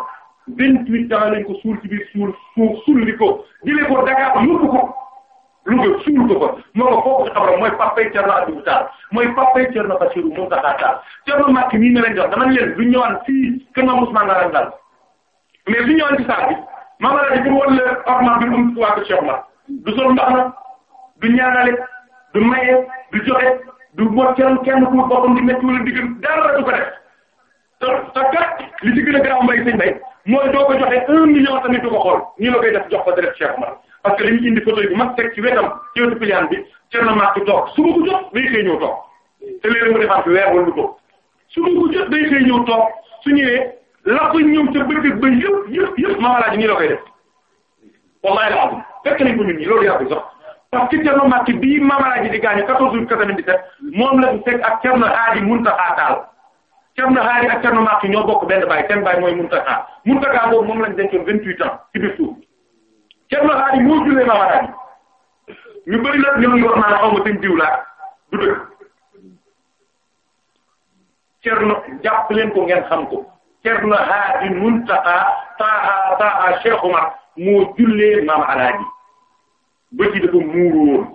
vingt-huit ans lañ ko suul ci biir suul suuf sulli ko jëlee ko Dakar ko Louga suul ko fa moo ko kooku xam mooy papay Thierno Abdou Tall mooy papay Thierno Bachirou mënta gaa taal Thierno Macky nii ma leen jox dama leen du ñëwaan fii kër Maam Ousmane la leen dal mais du ñëwaan ci saa bi. maam El Hadj bu woon la orma bi mu am waa ko Cheikh Omar du sol ndax du ñaanale du maye du joxe du mot kenn kenn ku boppam di métti wala diggante dara du ko def te te kat li ci gën a garaaw mbay sëñ bay mooy doo ko joxe un million tamit du ko xool ñu la koy def jox ko def Cheikh Omar parce que li ñu indi photo yi bu ci wetam ci wetu bi cër na maa ko toog su ma jot day xëy ñëw toog te léegi mu defaat weer wala lu ko su jot day xëy ñëw toog su ñëwee. la ko ñëw ca bëccëg ba yëpp yëpp yëpp maman laa ji loolu yàgg sax parce que Thierno Matti bii maman laa ji di gaañu 14 août 97 moom la fi fekk ak Thierno Hadi Mountakha Tall Thierno Hadi ak Thierno Matti ñoo bokk benn baay seen baay mooy Mountakha Mountakha boobu moom lañ dencoon 28 ans ci biir suuf Thierno Hadi moo jullee maman laa ji ñu bëri nag ñoom ñu wax naan xaw ma seen diw laa du dëgg Thierno jàpp leen ko ngeen xam ko. Cerno Haadi Muntaxa Taaha Taaha Cheikh Omar moo jullee maam alaaji bëti dafa muuru woon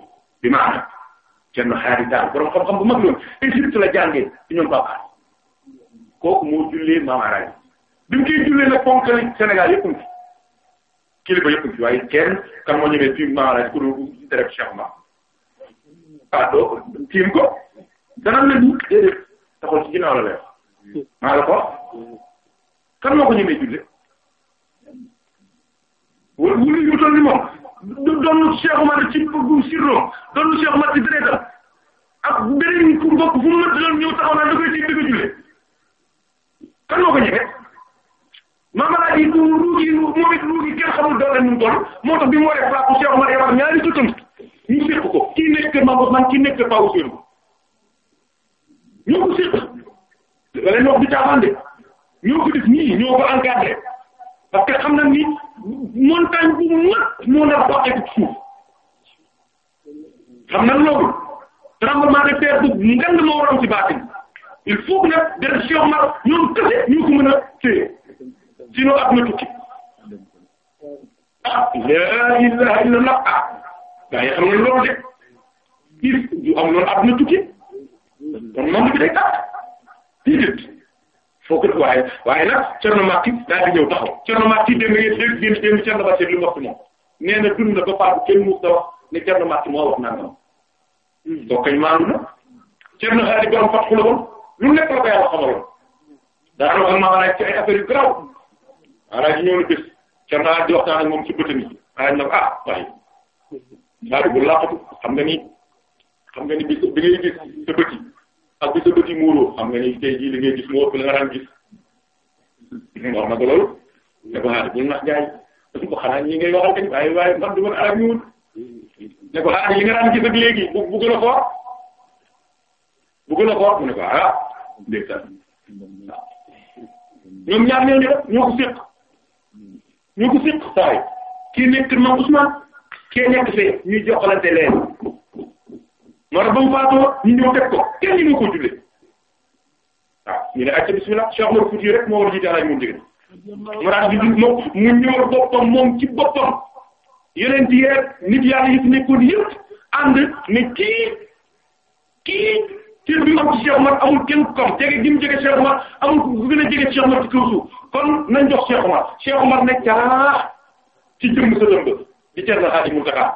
bi maanaam Cerno Haadi daal borom xam-xam bu mag loon Égypte la jàngee ci ñoom Papa kooku moo jullee maam alaaji bi mu koy jullee nag ponk la Sénégal yëpp fi kilifa yëpp fi waaye kenn kan moo ñëwee fii maam alaaji ku dul deret Cheikh Omar ah doo tiim ko danañ la ñu déedéet taxul ci ginnaaw la lay wax maa la ko kan moo ko ñemee julli wala wala yu toll ni moom doon Cheikh Omar ci sirro doon Cheikh Omar ci deretam ak beneen ku bokk fu mu mënti doon ñëw taxaw naa da koy siy dëgg julli kan moo ko ñemee maamalaat yi du ruugi moom it ruugi kenn xamul doole nu mu toll moo tax bi mu waree plaque Cheikh Omar yow ak ñaari jotam ñu séq ko kii nekk kër Mamadou man kii nekk kër Pao Seydou ñoo ko séq da leen wax du caaxaan de. ñoo ko def nii ñoo ko encadré parce que xam na ni montagne bu mag moo nar doxee ko suuf xam na loolu tremblement de terre bu ngand moo waroon ci baatin il faut que nag dara si na ñoom kese ñu ko mën a téye sinon at na tukki ah laa ilaaha illallaah ah gaa yi xam nañ loolu de il am loolu at na tukki kon moom bi day tàq foo ko waaye waaye nag Thierno Marty daal di ñëw taxaw Thierno Marty dégg nga dégg dégg dégg Thierno Bachir li mu wax ci moom nee na dund na ba Pape kenn mu da wax ne Thierno Marty moo wax nangam. kooku hmm. kañ maanu na Thierno xaar di borom fàttaliku la woon lu nekk la ko yàlla xamaloon daanaka man maa ngi ci ay affaire yu garaaw alaay ñëw na bés Thierno di waxtaan ak moom ci bëtëm yi alaay na ko ah waaye daal di bu laqatu xam nga ni xam nga ni bi bi ngay gis sa bët yi ak bi sa bët yi muuroo xam nga ni tey jii li ngay gis moo ëpp la nga daan gis wax na ko loolu ne ko xaar ah, bul nax jaay dañ ko xanaa ñi ngay waxal kañ waaye waaye man du mën arab ñuul ne ko xaar ah, yi nga daan gis ak léegi bu bu gën a fort bu gën a fort mu ne ko ah dégg nga waaw ñoom ñaar ñooñu la ñoo ko séq ñoo ko séq saa yi kii nekk Mame Ousmane kii nekk fee ñuy jokkalante leen moo tax ba faatoo ñu ñëw teg ko kenn ñu ko jullee waaw acca bismillah Cheikh Omar Fouti rek moo war a jiite alaay moom jigéen moo moom mu ñëw boppam moom ci di yeeg nit yàlla yi fi nekkoon yëpp ànd ne kii kii cër bi mu ci Cheikh Omar amul kenn ku am jege gi mu jege Cheikh Omar amul ku gën a jege Cheikh Omar ci kaw suuf kon nañ jox Cheikh Omar Cheikh Omar ne caa ci jëmm sa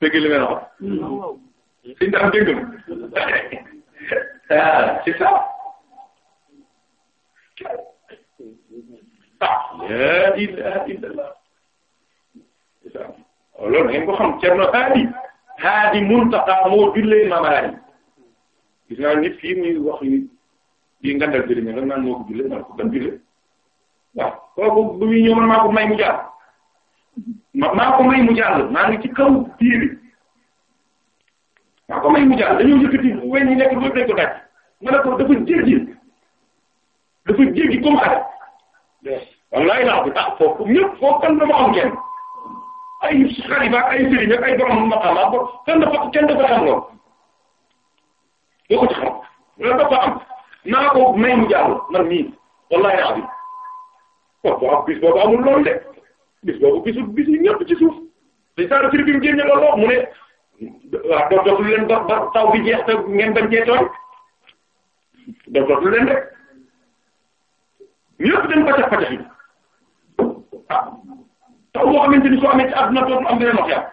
dëgg li may wax suñu daan dëgg ah c'est ça ah la ilaha illallah oh, loolu ngeen ko xam Thierno Hadi Hadi Muntaqa moo jullee Mamalaye gis naa nit fii muy wax yi di ngandal jëriñoo rek naan moo ko jullee maa ko gën jullee waaw kooku bu muy ñëw man maa ko may mu jaar. ma maa ko may mu jàll maa ngi kaw biir bi ko may mu jàll dañoo yëkkati weñ yi nekk lépp ne ko dafa jéggi dafa jéggi comme xale. wallaay laa ko tax foofu ñëpp foofu kan dama am kenn ay xariba ay sëriñ ak ay borom maqaama bo kenn dafa kenn dafa xam lool ko ci xam loolu dafa am naa ko may mu jàll man mii wallaay laa bi waaw waaw bis boobu amul loolu de. bis boobu bisul bis yi ñëpp ci suuf te saa fi mu génne loolu mu ne waaw dox doxul leen dox ba taw bi jeex te ngeen bañ cee tooy dox doxul leen rek ñëpp dem pàcc pàcc yi ah taw boo xamante ni soo amee ci àdduna dootul am beneen wax yàlla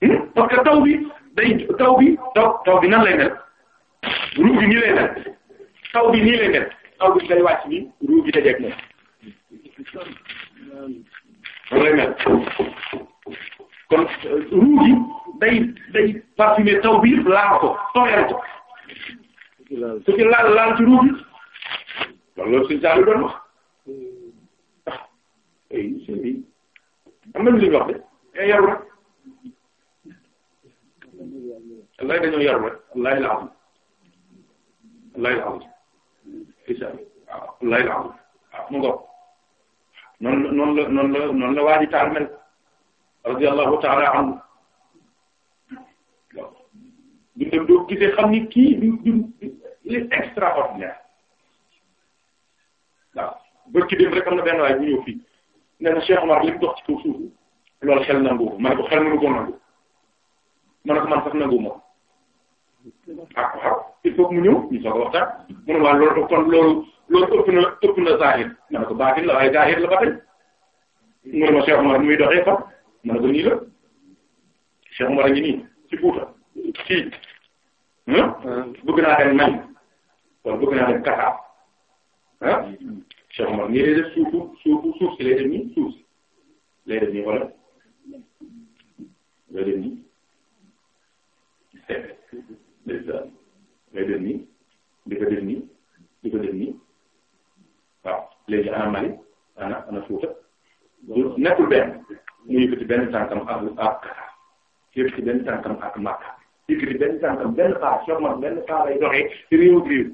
hmm? parce que taw bi day taw bi taw taw bi nan lay mel ruu bi nii lay mel taw bi nii lay mel taw bi day wàcc nii ruu bi dajeeg moom. noonu lay mel kon ruu gi day day parfumé taw bi yëpp laal ko tooyal ko su ci laal laal ci ruu gi loolu suñu saa yu doon wax ah ay sëñ am nañu li ñu wax de eh yaru rek wallaay dañoo yaru rek wallaay la am wallaay la am waaw wallaay la am waaw mu ngoog noonu la noonu la noonu la noonu la waa ji taala anhu waaw dundam doo gisee xam ni kii du du il est extraordinaire waaw bërki dem rek na benn waay bu ñëw fii nee na Cheikh Omar li mu dox ci kaw suuf loolu xel nangu ma ko xel mënu ko nangu ma ko man sax nangu ma ah waaw il faut mu ñëw ñu soog waxtaan mu ne waa loolu kon loolu loolu ëpp na ëpp na zahir ma ne ko baatin la waaye zahir la ba tey mu ne ma Cheikh Omar muy doxee fa ma ne ko nii la Cheikh Omar a ngi nii ci Fuuta ci bëgg naa dem nañ wala bëgg naa dem Qatar ah Cheikh Omar nii lay def suufu suufu suuf si lay def nii suuf si lay def nii wala lay def nii lay def nii di ko def nii di ko def nii waaw léegi Mali ana ana Fuuta nekkul benn mu yëkkati benn tànkam ak ak Qatar yëkkati benn tànkam ak Makka yëkkati benn tànkam benn paa soxna benn paa lay doxee ci réew ak réew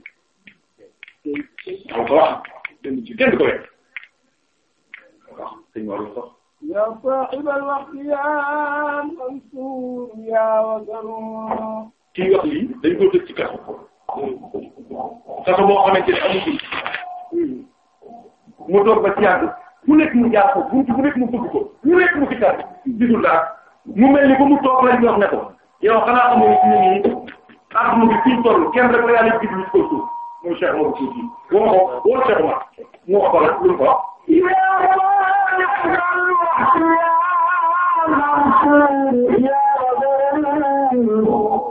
waaw ko wax kenn ko wekk waaw sëñ Maodo sax. yaa saahibal waqti yaa Mansuur yaa Wazaruur. kii wax lii ci kaso kaso mu door ba caag bu nekk mu jaar ko bu bu nekk mu bëgg ko bu nekk mu gisaat gisul dara mu mel ni ba mu toog lañ wax ne ko yow xanaa amoo ni suñu nii àdduna bi fii toll kenn rek la yàlla gis ñu ko suuf muy Cheikh Mawal Fouti woo ko woo Cheikh Omar mu wax ko la lu mu ko wax.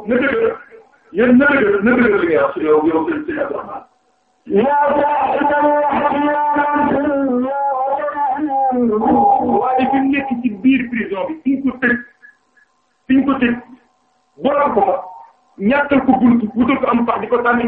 na dëgg na dëgg na dëgg li ngay wax si yow yow sëñ sëñ Abdourahmane waaye bi mu nekk ci biir prison bi fi ñu ko tëj fi ñu ko tëj borom ko fa am pax di ko sànni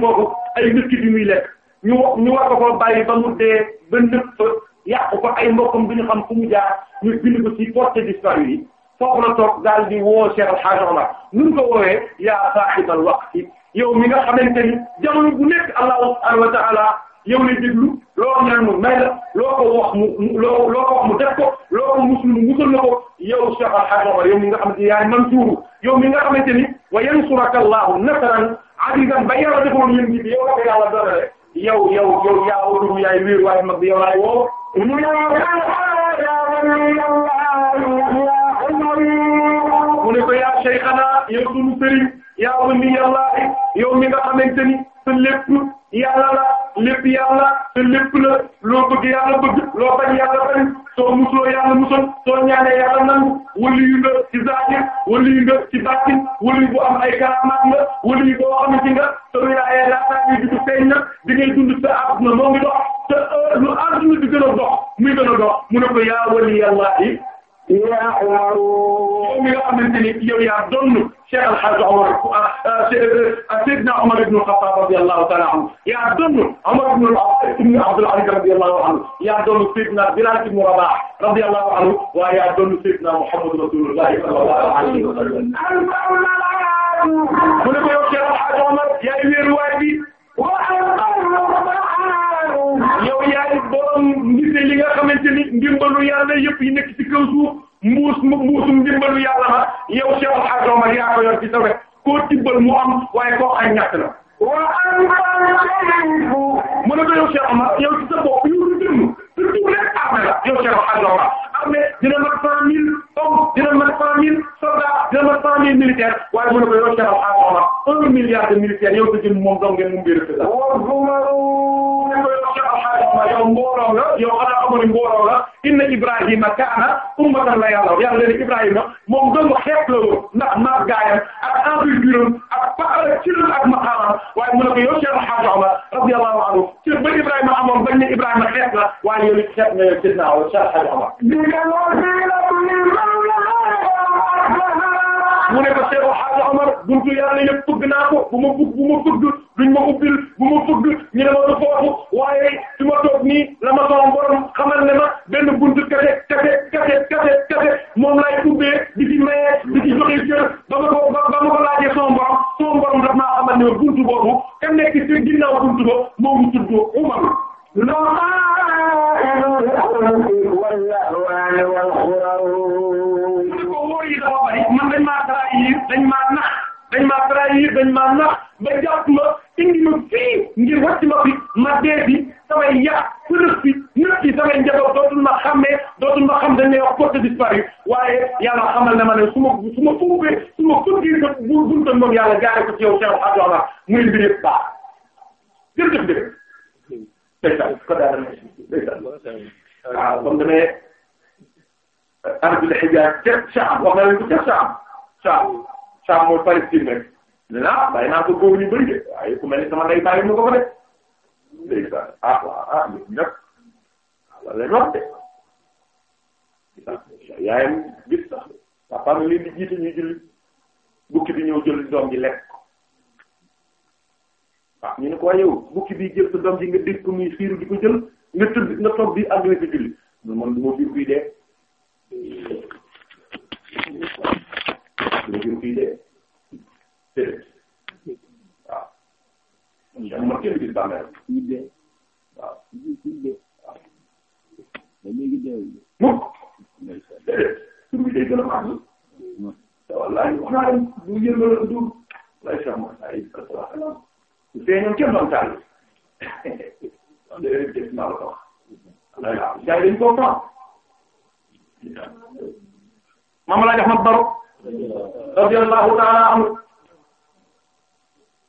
ay mbékki bi muy lekk ñu ñu war ko ko ba mu dee ba nëb fa yàqu ko ay mbokkam bi ñu mu jaar ñu bind ko ci portée disparu yi foofu la toog daal di woo Cheikh Al Hadj Omar nu ko woowee yaa saahibal waqti yow mi nga xamante ni jamono bu nekk Allahu subhaanahu wa ta'ala yow lay déglu loo ñaan mu may la loo ko wax mu loo loo ko wax mu def ko loo ko musul mu musal na ko yow Cheikh Al Hadj Omar yow mi nga xamante ni yaay mansuuru yow mi nga xamante ni wa yansuraka Allahu nasran azizan ba yàlla defoon ñun bi yow la ko yàlla doole yow yow yow yaa wóorul yaay wéeru waaye mag bi yow laay woo. ne ko yaa Cheikhana yow sunu sëriñ yaa wali yàllaahi yow nga xamante ni te lépp yàlla la lépp yàlla la loo bëgg yàlla bëgg loo bañ yàlla bañ soo musloo yàlla musal soo ñaanee yàlla nangu waliyu nga ci zahir waliyu nga ci baatin waliyu bu am ay karamaat nga waliyu boo xamante nga te wilaaya laataa ngay dund feeñ na di ngay dund sa àdduna moo ngi dox te lu àdduna di gën a dox mu ne ko yaa wali yow mi nga xamante ni yow yaa doon Cheikh Al Hadj Omar euh, Seydina Omar ibn Khattab radiyallahu ta'ala anhu yaa doon Omar ibn Abdul Aziz radiyallahu anhu yaa doon Seydina Bilal ibn Rabah radiyallahu anhu wa yaa doon Seydina Muhammad rasulullah sallallahu alayhi wa sallam mu ne ko yow Cheikh Al Hadj Omar yaay wéeruwaay bi yow yaa ngi borom nite li nga xamante ni ndimbalu yàlla yëpp yi nekk ci kaw suuf mbuus mbuusum ndimbalu yàlla ma yow Cheikh Adama yaa ko yor ci sa wet koo tibbal mu am waaye koo xañ ñàkk na. waaw am na solo. mën na ko yow Cheikh Omar yow ci sa bopp yow lu dënnu surtout les armes la yow Cheikh Adama armée dina mat cent mille. homme dina mën cent mille soldats dina mën cent mille militaires waaye mu ne ko yow Cheikh Al Omar un milliard de militaires yow sa jëm moom dong ngeen mu ngi représenté. waaw waaw waaw yow Cheikh Al Omar yow mbooloo la yow xanaa amoon mbooloo la inna Ibrahima kaana ummatan la yàlla yàlla ne Ibrahima moom dong xeet la woon ndax naaf gaayam ak envergure ak paxala ci ak maqaamam waaye mu ne ko yow Cheikh Al Omar radiyallahu anhu ci ba Ibrahima amoon bañ ne Ibrahima xeet la waaye yow it xeet na yow gis naa wala Cheikh Al Omar. mu ne ko Cheikh Hadj Omar buntu yàlla yëpp bëgg naa ko bu ma bëgg bu ma bëgg duñ ne ma du foofu waaye fi ma toog nii la ma sama borom xamal ne ma benn buntu kese kese kese kese moom laay ubbee di ci maye di ci joxe cër ba ma ko ba ma ko laajee sama borom sama borom daf maa xamal ne ma buntu boobu ka nekk ci ginnaaw buntu ba moo ngi tudd Umar نهاء الخلق واللهوان والخروج wóor yi dafa bari man dañ maa trahir dañ maa nax dañ maa trahir dañ maa nax ba jàpp ma indi ma fii ngir wàcc ma fi ma dee fi samay yàq fëlëf fi nëpp fi samay njaboot dootul ma xàmmee dootul ma xam dañ lay wax porte disparu waaye yàlla xamal na ma ne su ma su ma fuubee su ma fëggee sa buntam moom yàlla jaare ko ci yow Cheikh Abdou Amar muy mbir yëpp baax jërëjëf dëgg ndeysaan ko daal ndeysaan waaw comme ne arab la Hijaaz ca Saam wax na leen ko ca Saam Saam Saam mooy Palestine rek nee naa naa ko góob ñu bëri de waaye ku sama ndey bàyyi ma ko fa de ndeysaan ah waaw ah ñun ñëpp waaw la wax de yaayam gis sax papaam leen di jiite ñu julli bukki waaw ñu ne ko yow bukki bi jël sa doom ji nga dégg muy siiru di ko jël nga tëdd nga toog bi àdduna ko julli man man du ma biir kuy dee du ma biir kuy dee déedéet waaw. man kuy dee waaw kuy dee waaw. dee. mukk déedéet tur bi day gën a màgg. wallaahi wax naa leen du yëngal du lay sàmm ñun kenn doon taal on dirait que maa la ko wax. voilà gars yi dañu ko faam. Maam Laaji Ahmad Baro. radiyallahu ta'ala anhu.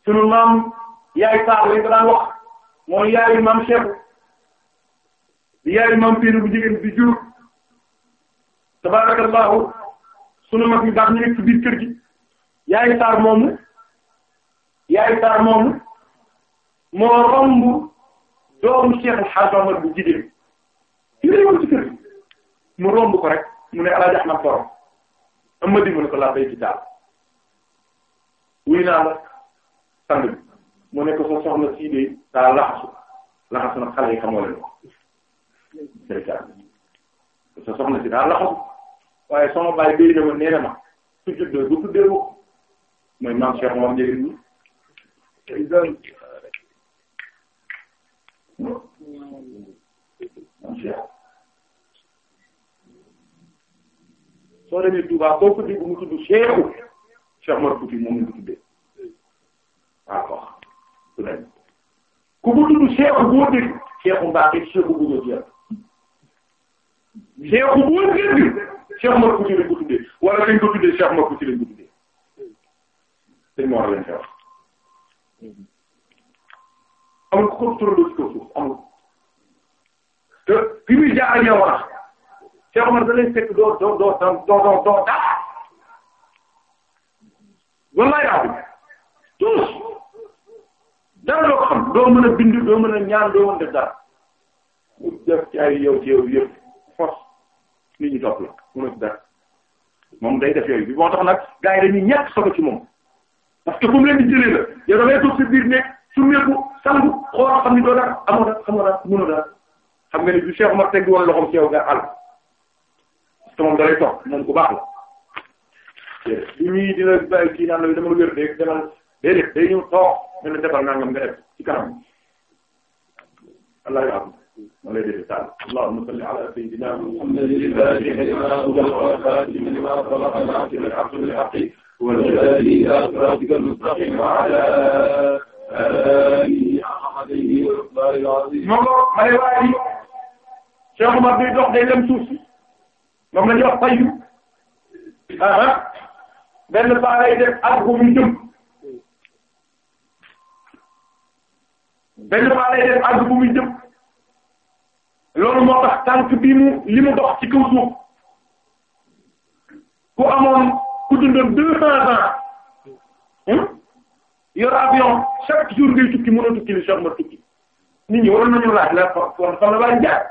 sunu maam yaay Saar lañ ko daan wax mooy yaayu maam Cheikh di yaayu maam Pire bu jigéen bi jur. tabarakallahu sunu mag mi baax ñu nekk ci biir kër gi. yaayu Saar moomu. yaayu Saar moomu. moo romb doomu Cheikh El Hadj Omar bu jigéen mu romb ko rek mu ne ala na borom amma mu ne ko laa bay ci daal la sang mu ne ko sa soxna sii de daa laxasu laxasu nag xale yi xamoo leen ko sa soxna si daa laxasu waaye sama baay bay dama nee na ma su juddoo bu tuddee mooy maam Cheikh Omar njëriñ soo demee Touba koo tudd bu mu tudd Cheikh Cheikh Mor Fouti moom la ñu tuddee waaw ku mu tudd Cheikh boo dégg Cheikh Mbacké Cheikh Bouga Dieng Cheikh boo dégg Cheikh Mor Fouti lañ ko tuddee wala dañ ko tuddee Cheikh Mor Fouti lañ ko tuddee dañ ma war a leen xew. amul ku ko turaloo ci kaw suuf amul te fi muy jaar ak yow ah Cheikh Omar da lay fekk doo doo doo doo doo doo daa wallaay daa tous dara doo ko xam doo mën a bind doo mën a ñaan doo mën def dara mu def ci ay yow ci yow yëpp force nit ñi topp la mën a ci dara moom day def yooyu bi moo tax nag gars yi dañuy ñàkk solo ci moom parce que fu mu leen di jëlee la yow da ngay toog sa biir nekk. summeeku sangu xool xam ni doo dara amoo dara xamoo dara mënoo dara xam nga ni du Cheikh Omar teggi woon loxoom Cheikh nga àll te moom dalay toog moom ku baax la. du ñuy dina bàyyi kii naan la dama wér de demal déedéet day ñëw toog ne la defal nangam nga def ci kanam allah yaa ma lay déglu taal allahumma salli ala sayyidina muhammadin al-faatihi lima moom la ma ne waa ji Cheikh Omar biy dox day lem suuf si moom la ñuy wax fayyu ah, ah benn paa lay def ak bu mu jëm benn paa lay def ak bu mu jëm loolu moo tax tànk bi mu li mu dox ci kaw suuf ku amoon ku dundal deux cent ans. Hmm? yor avion chaque jour ngay tukki mën a tukki li soxla tukki nit ñi waroon nañu laaj la fa fa la bàyyi jaar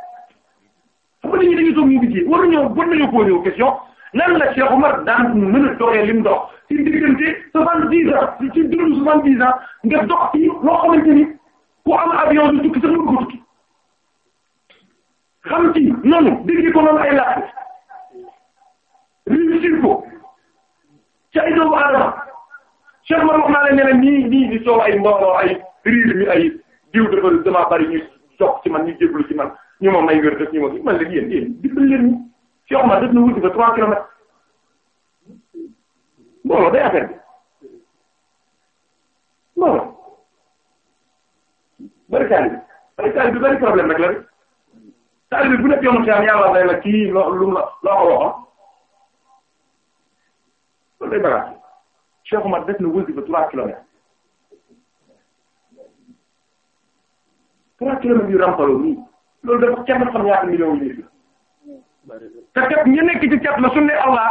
xam nga nit ñi dañuy toog ñu ngi ji waruñoo bon nañu posé wu question nan la Cheikh Omar daan mën a doxee lim dox ci diggante soixante dix ans ci juróom soixante dix ans nga dox ci loo xamante ni ku am avion du tukki sax mën ko tukki xam ci noonu dégg ko noonu ay laaj réussir ko ci ay doomu aadama Cheikh Omar wax naa leen ne ne nii nii ay mbooloo ay riir mi ay diw dafa damaa bari ñu jokk ci man ñu jéglu ci man ñu ma may wér def ñu ma gi man leen yéen yéen dimbali leen ñu Cheikh Omar def na wuti fa trois kilomètres mbooloo day affaire bi mbooloo bari taali bi bari taali bi bari problème rek la rek taali bi bu nekk yoonu xiyam yàlla lay la kii loo lu la loo ko waxoon loolu day bagaas Cheikh Omar def na wasifa trois kilomètres trois kilomètres yu rampaloo nii loolu dafa cat la xam ñaata millions yu la te cat ñu nekk ci cat la su ne Allah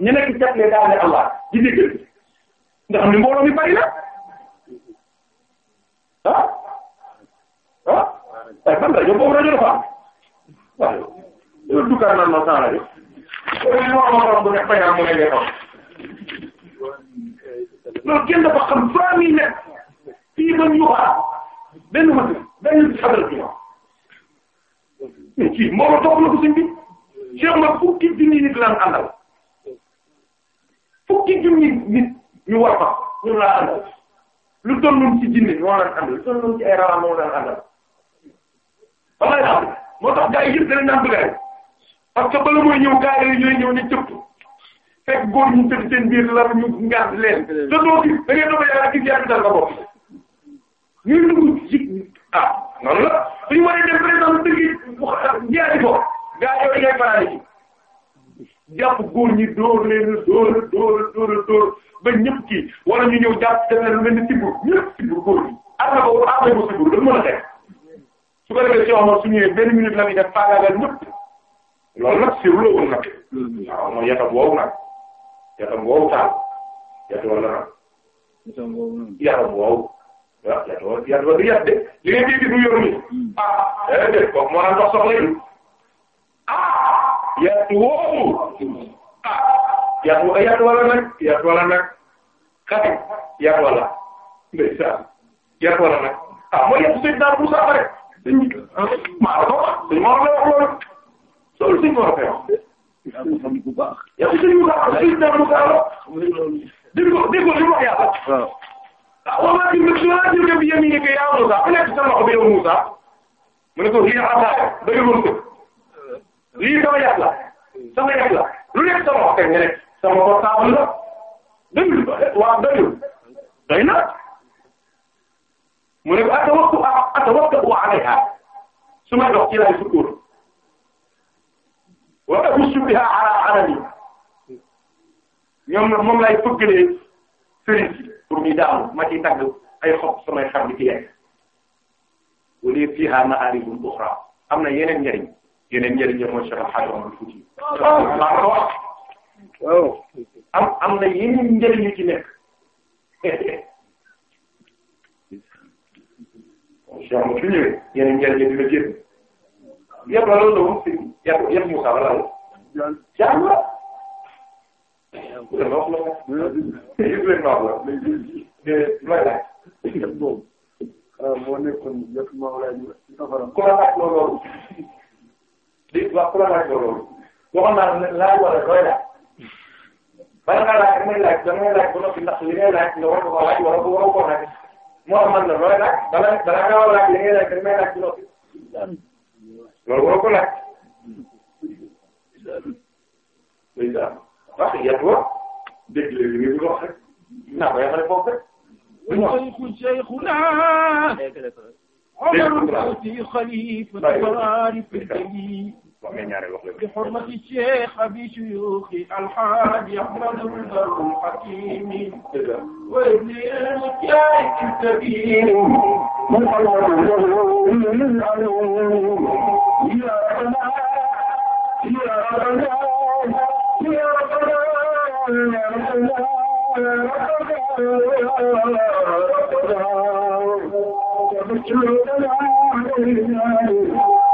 ñu nekk ci cat la daal ne Allah di dégg nga xam ne mbooloo mi bari na ah ah waaye ban rajo boobu rajo dafa am waaw loolu duggaat naa noonu sans rajo. loolu moo amoon bu nekk fay naa mu ne loolu kenn dafa xam 3000 mètres fii ba ñu waxaat benn mën benn xamal bi kii moo ma toog na ko suñ bi Cheikh ma fukki junni nit laan àndal fukki junni nit ñu war ma ñu laa àndal lu tolloon ci jinne moo laan àndal lu tolloon ci ay rawaan moo laan àndal ba may moo tax gars yi yëpp danañ naan bëgg parce que bala mooy ñëw gars yi ñooy ñëw ne cëpp fekk góor ñu tëdd seen biir lar ñu ngaan leen te doo gis da ngay doog a yaakaar gis yaa ngi dal sa bopp ñuy dugg ci ah noonu la suñu waree dem par exemple dëgg ñaari foofu gaa yooyu ngay faral ci jàpp góor ñi dóor leen dóor dóor dóor dóor ba ñëpp kii wala ñu ñëw jàpp def leen mel ni tibbu ñëpp tibbu góor ñi am na ko am na ko tibbu dañu mën a teg su ko defee si waxoon su ñëwee benn minute la muy def faagaagal ñëpp loolu nag sirlu la woon nag hmm. waaw mooy yaakaar boobu nag. yaram woowu taal yatu wala ah. yaram woowu noonu. yaram woowu ah yatu wala yatu wala yat de li ngeen di gis mu yor nii. Mm. ah eh, déedéet kooku moo daan dox soxla yi. ah yatu woowu. ah yatu yatu wala nag yatu wala nag xati yatu wala ndeysaan yatu wala nag ah mooy yatu sëñ daal Moussa Fare. yaa ko xam bu baax. yow si ñu baax la si ñu naan mu gaaw. déggoo déggoo li mu wax yàlla. waaw. ah waaw maa ngi déglu si wàllu déglu bi yéen a yaa Moussa ku nekk sa loxo bi yow Moussa. mu ne ko lii asaaya dëgg ko. lii sama yàq la. sama yàq la lu nekk sama wax nga nekk. sama portable la. dëgg waaw dëgg. day na. mu ne ko ata waxtu ata waxtu bu alayha su ma dox ci laay sukkur. wa abussu biha ala alami ñoom moom lay fëggalee sëriñ si pour ñu daanu ma ciy tàgg ay xob samay xar di ci yegg wala fiha ma'aribun ukhra am na yeneen njariñ yeneen njariñ ya mooy Cheikh Al Hadj Omar Fouti maa ko wax waaw am am na yeneen njariñ yu ci nekk Cheikh ma fi ñëwee yeneen njariñ ya dina génn yëpp la loolu la moom si yëpp yëpp Moussa la la. jàmm la. loolu la moom. moo nekkoon yëpp moo laaj la. ku la laaj loolu. di wax ku la laaj loolu. waxoon naa ne laaj wala doy laaj. bala ngaa laaj damay laaj damay laaj ba noppi ndax li ngay laaj nga war ko ko laaj wala waroo ko laaj. moo amal la looy laaj bala bala ngaa laaj li ngay laaj damay laaj ba noppi. war boo ko laaj day daal wax yàlla wax dégg nga li nga wax rek naa ko yàqale foofu rek. du ma wax. wax nga ñaareel wax bi xurmati cheikh abi suyuxi alxaaji ahmadul barul xakimi wa ibnil mujahid kabir من الله من علوم يا ربنا يا ربنا يا ربنا يا ربنا يا ربنا يا ربنا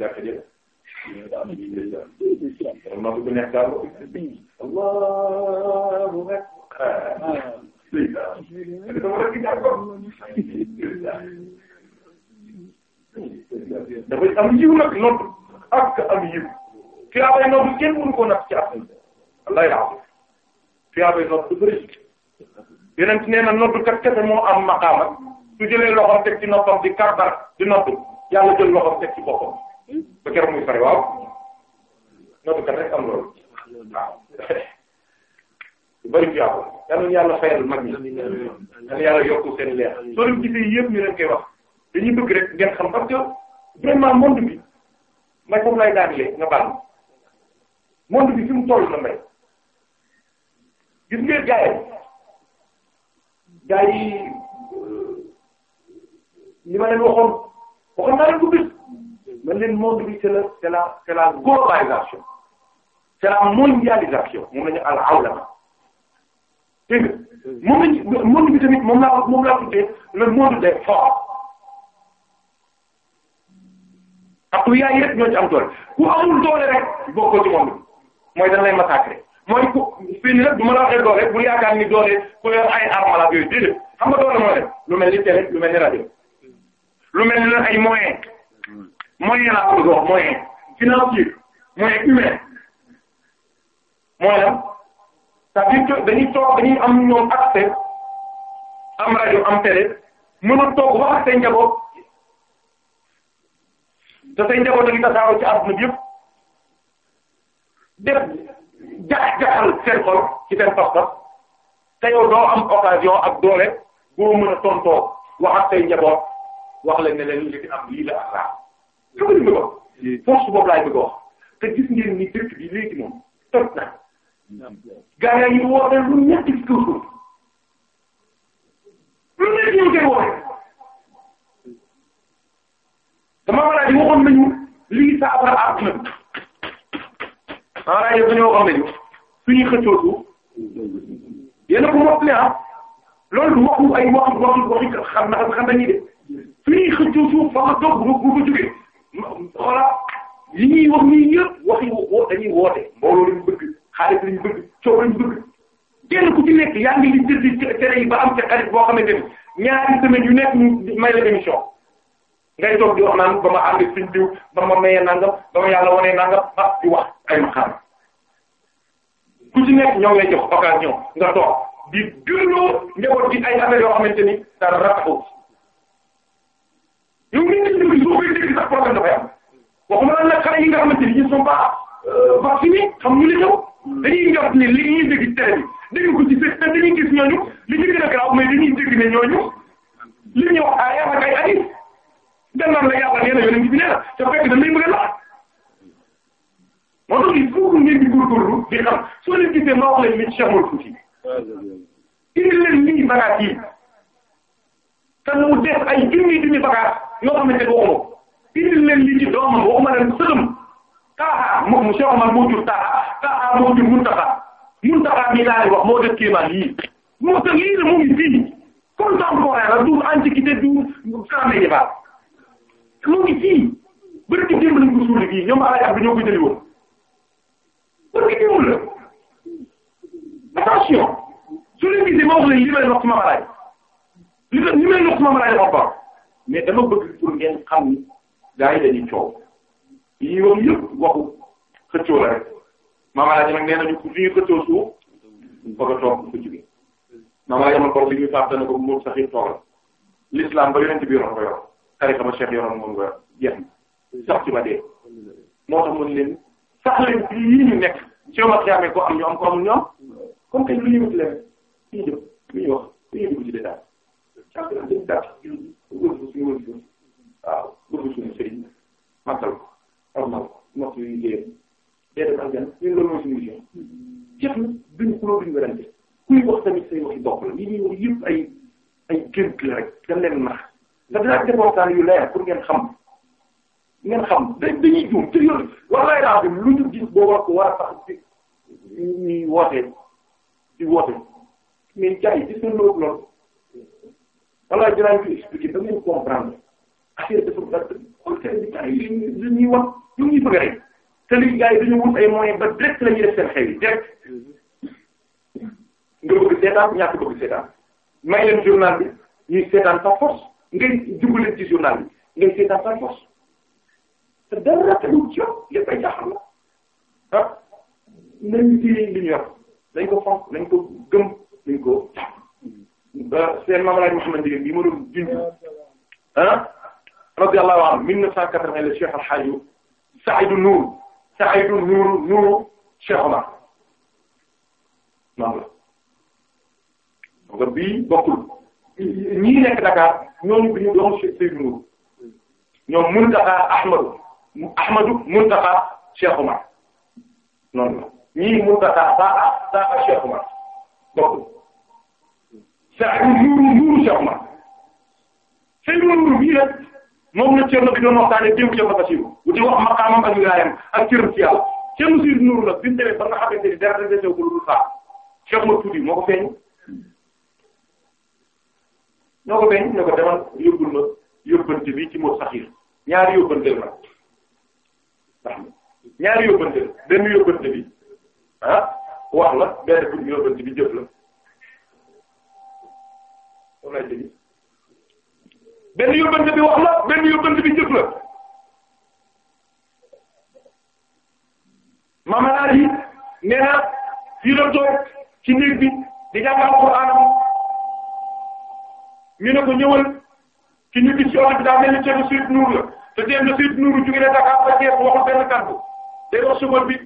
jàkka jële. ma bëgg nekk daal ba. Allahu akbar. dafay am yiw nag nopp ak am yiw. tuyaabay nopp kenn mënu koo natt ci àdduna. wallaay laa tuyaabay nopp du bëri. yeneen ci nee na nopp kat kese moo am maqaama su jëlee loxoom teg ci noppam di kàbbar di nopp yàlla jël loxoom teg ci boppam. ba keroog muy pare waaw nootu kat rek am loolu waaw bari fi am yal na yàlla fayal mag ñi yal na yàlla yokk seen leer soo leen gisee yëpp ñu leen koy wax dañuy bëgg rek ngeen xam parce que vraiment monde bi may foofu lay daanelee nga baal monde bi fi mu toll na mbay gis nga gars yi gars li ma leen waxoon waxoon naa leen man leen monde bi c'est la c'est la c'est la globalisation c'est la mondialisation moom la ñu awlama dégg nga moom lañ monde bi tamit moom laa moom laa tuddee le monde des forts ak lu yaay yëpp ñoo ci am doole ku amul doole rek bokkoo ci monde bi mooy dañ lay massacrer mooy ku fii nii nag du ma la waxee doole bu yaakaar ni doole ku yor ay armes la ak yooyu déedéet xam nga doole moo dem lu mel ni télé lu mel ni rajo hmm. lu mel ni ay moyens. moyen laa bëgg wax moyen financier moyen humain mooy lan c'est-à-dire que toog dañuy am ñoom accès am rajo am télé mën a toog wax ak say njaboot te say njaboot dañuy tasaaroo ci jax-jaxal seen xol ci seen pas te yow doo am occasion ak doole boo mën a tontoo wax ak say njaboot wax leen leen li fi am lii la ak su ko bëgg wax. force boobu laay bëgg wax te gis ngeen ni dëkk bi léegi moom toj na. gaa yaa ngi woote lu ñetti suuf lu nekk ñu koy woote. dama war a waxoon nañu lii sa abal aar na. maanaam yëpp dañoo waxoon nañu suñuy xëccoo suuf yéen a ko mottali ah loolu waxu ay waxu waxu waxi xam na xam nañu de suñuy xëccoo suuf fa nga toog bu ko jógee. voilà yi ñuy wax nii yëpp wax yi woo dañuy woote mbooloo lañ bëgg xaalis lañ bëgg coow lañ bëgg kenn ku ci nekk yaa ngi li jël di tere yi ba am ca boo xamante ni ñaari semaine yu nekk ñu may la émission ngay toog di wax naan ba ma ànd suñ ba ma mayee nangam ba ma yàlla wanee nangam ah di ay ma ku ci nekk ñoo ngay jox occasion nga toog di dundoo njaboot di ay affaire yoo xamante ni dara rafetlu yow nit ndax problème dafay am waxuma la nag xale yi nga xamante ni ils sont pas euh, vaccinés xam ñu li xew dañuy jot ni li ñuy dégg ci télé bi dégg ko ci seen dañuy gis ñooñu li ñu gën a garaaw mais dañuy dégg ne ñooñu li ñuy wax ay ak ay hadith gannaaw la yàlla nee na yonent bi nee na te fekk dañ lay bëgg a laaj moo tax il faut ngeen di góorgóorlu di xam soo leen gisee ma wax leen ni Cheikh Mawal Fouti indi leen lii bagages yi te mu def ay junni junni bagages yoo xamante ne waxuma indil leen li ci doomam waxuma leen sëtam Taaha moom monsieur Omar moo jur Taaha Taaha moo jur Muntaxa Muntaxa mi laay wax moo def kéemaan yii moo tax lii de mu ngi fii contemporain la du antiquité du temps médiéval mu ngi fii bëri ci démb lañ ko suul fii ñoom El Hadj Abdou ñoo ko jëli woon bëri ci démb la attention su leen gisee ma wax leen li may nox sama maraay li may nox sama maraay dafa baax mais dama bëgg pour ngeen xam ni. gaa yi dañuy coow yii wax yëpp waxu xëccoo la rek maamalaay nag nee nañu fi ñu xëccoo suuf bëgg a toog ku jugee maamalaay man kon li ñuy fàttali ne ko moom sax it toog l'islam ba yonent bi yoroon ko yor tariqa ba cheikh yoroon moom ko yor jeex na sax ci ba dee moo tax mën leen sax leen fii yii ñu nekk ci ma xiyamee ko am ñu am ko amul ñoom comme que lu ñu wut leen li ñu def li ñu wax li ñu dugg ci détail. waaw bëgg suñu sëriñ màggal ko ormal ko ndox mi liggéeyam day dem ak gan ñun loolu mooy suñu mission. jeex na duñu xuloo duñu werante kuy wax waxi bopp la li ñuy wax yëpp ay yu leer pour ngeen xam ngeen xam da dañuy juum te yoon wallaay daa dem lu ñu gis boo war ko war a tax ci ñuy wootee ci woote mais gars yi gis nañ loolu loolu affaire de pour dara xool seen bi ay li ñuy wax ñu ngi bëgg rek te li gars yi dañu wut ay moyens ba direct la ñuy def seen xew yi direct nga bëgg seetaan ñàkk bëgg seetaan may leen journal bi ñuy force ngay jublu ci journal bi ngay seetaan par force te dara teguwul ci yow lépp ay jaaxal la ah nañu ko fonk dañ ko ko jàpp seen maam laaj Mouhamed Ndieguène bi ma doon junj ah? radiyallahu anhu mille neuf cent quatre-vingt le Cheikh Alhaaji Saïdou Nour Saïdou Nour Nour Cheikh Omar noonu la nga bii bokkul ñii nekk Dakar ñooñu bi ñu doon Seydou Nour ñoom Muntaxa Ahmadu Ahmadu Muntaxa Cheikh Omar noonu la ñii Muntaxa Taha Taha Cheikh Omar bokkul Saïdou Nour Nour Cheikh Omar Seydou Nour bii rek moom la Thierno bi doon waxtaanee démb Thierno Bassirou di wax maqaamam ak wilaayam ak cëram ci yàlla Thierno Sidi Nourou la bi mu demee ba nga xamante ni dara dese ko lu dul saa Cheikh Mor Tuuti moo ko feeñ. ñoo ko feeñ ne ko demal yóbbul ma yóbbante bi ci Mor Saxiir ñaari yóbbante la ndax ñaari yóbbante la benn yóbbante bi ah wax la benn yóbbante bi jëf la. benn yóbbante bi wax la benn yóbbante bi jëf la Mame Alaaji nee na fii la toog ci néeg bi di jàng alxuraan ñu ne ko ñëwal ci ñu gis ci oto bi daa mel ni ceeb Seydi Nuur la te ceeb na Seydi Nuur jugee na Dakar ba Thiès waxul benn kàddu day wax suba bi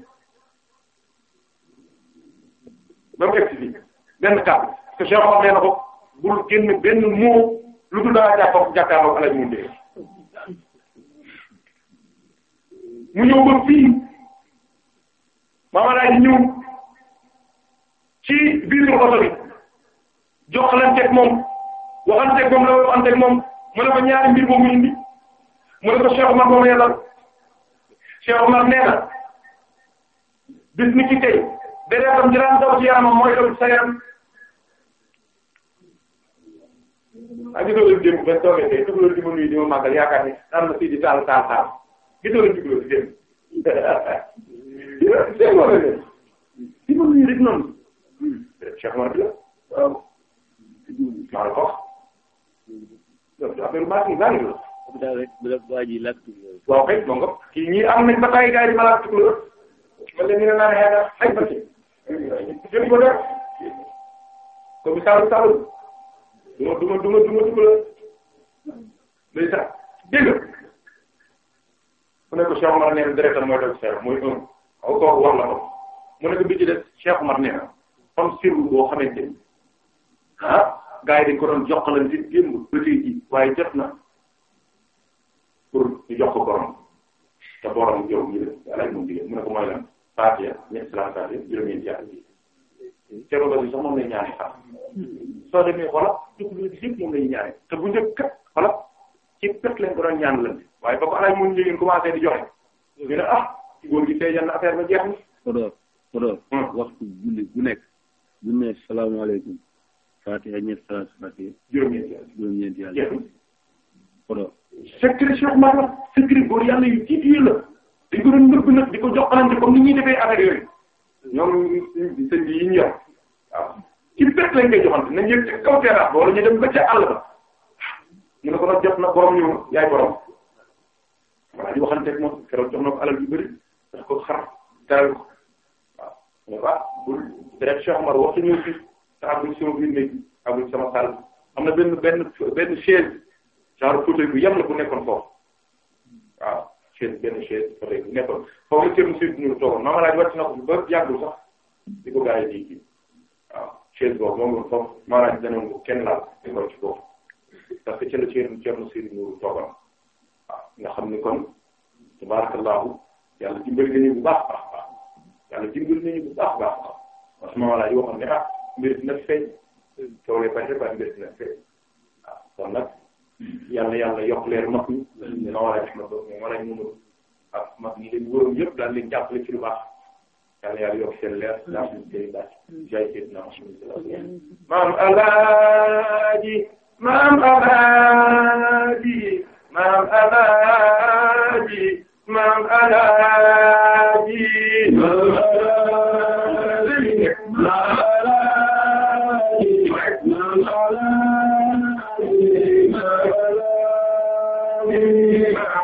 ba mu egg si benn kàddu parce que Cheikh wax nee na ko bul génn benn mot. lu dul daa jàppook jàkkaarloog alaj mu ndee mu ñëw ba fii maama laaj ñëw ci biir oto bi joxalanteeg moom waxanteeg moom la waxanteeg moom mu ne ko ñaari mbir boobu indi mu ne ko Cheikh Omar moom yàllal Cheikh Omar nee na bis ni ci tey deretam ji daan daw ci yaramam mooy daw ci sa yaram ah gisoo leen démb benn toogee tey tukulóor di ma nuyu di ma màggal yaakaar ne naan ma fii di taal taal taal gisoo leen tukulóor di démb. dégg nga leen di ma nuyu rek noonu. Cheikh Mor la waaw. maa ngi ko wax. donc affaire maa ngi bàyyi la. comme ça rek bu la waa ji laaj tukulóor. waaw kay donc kii ñii am nañ ba taay gars yi di ma laaj tukulóor. man de ñu ne naan yaakaar ay bëccëg. jënd ko def. comme Saalum Saalum. duma duma duma duma duma day tax dégg nga mu ne ko Cheikh Omar nee na directeur mooy doon Cheikh mooy un waaw kooku wax la mu ne ko bi ci def Cheikh Omar nee na boo xamante ni ah gars yi dañ ko doon jokkalante démb ba jot na pour ñu jox ko borom te borom yow ñu ne mu ne ko mooy lan Fatia ñetti salaam Fatia juróom-ñeenti yàlla ji cero ba bi sax moom lay ñaari sax soo demee xoolal tukul bi yëpp moom lay ñaari te bu njëkk kat xoolal ci perte di joxe ñu ne ah góor gi feeñal na affaire ba jeex na. Podor Podor. Hmm. waxtu julli bu nekk bu ne salaamaaleykum. Fatiha ñetti salaatu Fatiha. juróom-ñeenti yàlla juróom-ñeenti yàlla. jeexul Podor. secret Cheikh Mara secret góor yàlla yu tiit yi la. dañ ko doon nëbb di ko joxalante comme ni ci bët lañ koy joxante nañ yëg ci kaw terrasse ba wala ñu dem ba ca àll ba ñu ne ko nag jot na borom ñu yaay borom voilà di waxanteeg moom keroog jox na ko alal yu bëri daf ko xar teral ko waaw mais waa bul def Cheikh Omar wax ñu ci te amuñ sama biir néeg amuñ sama salle am na benn benn benn chaise genre fauteuil bu yem la bu nekkoon foofu waaw chaise benn chaise fauteuil bu nekkoon foofu la ceeb monsieur Diouf toogoon maama laaj wàcc na ko ba yàggul sax di ko gars yi di kii. chaise boobu moom la foofu maanaam dana ko kenn laal di ko ci foofu parce que ci la ceeb ceeb si nuuru a waaw nga xam ni kon tabarakallahu yàlla dimbali nañu bu baax baax baax yàlla dimbali nañu bu baax baax baax parce que maman laa ji waxoon ne ah mbir dina feeñ taw lay bàyyi ba mbir dina feeñ waaw kon nag yàlla yàlla yokk leer mag ñi. dina war a jox ma doon moom war a ñëw ak mag ñi leen wóoroon yëpp daal baax. yàlla yàlla yokk seen leer la seen baat jaay seen naa maam alaaji maam alaaji maam alaaji maam alaaji maam alaaji maam alaaji maam alaaji maam alaaji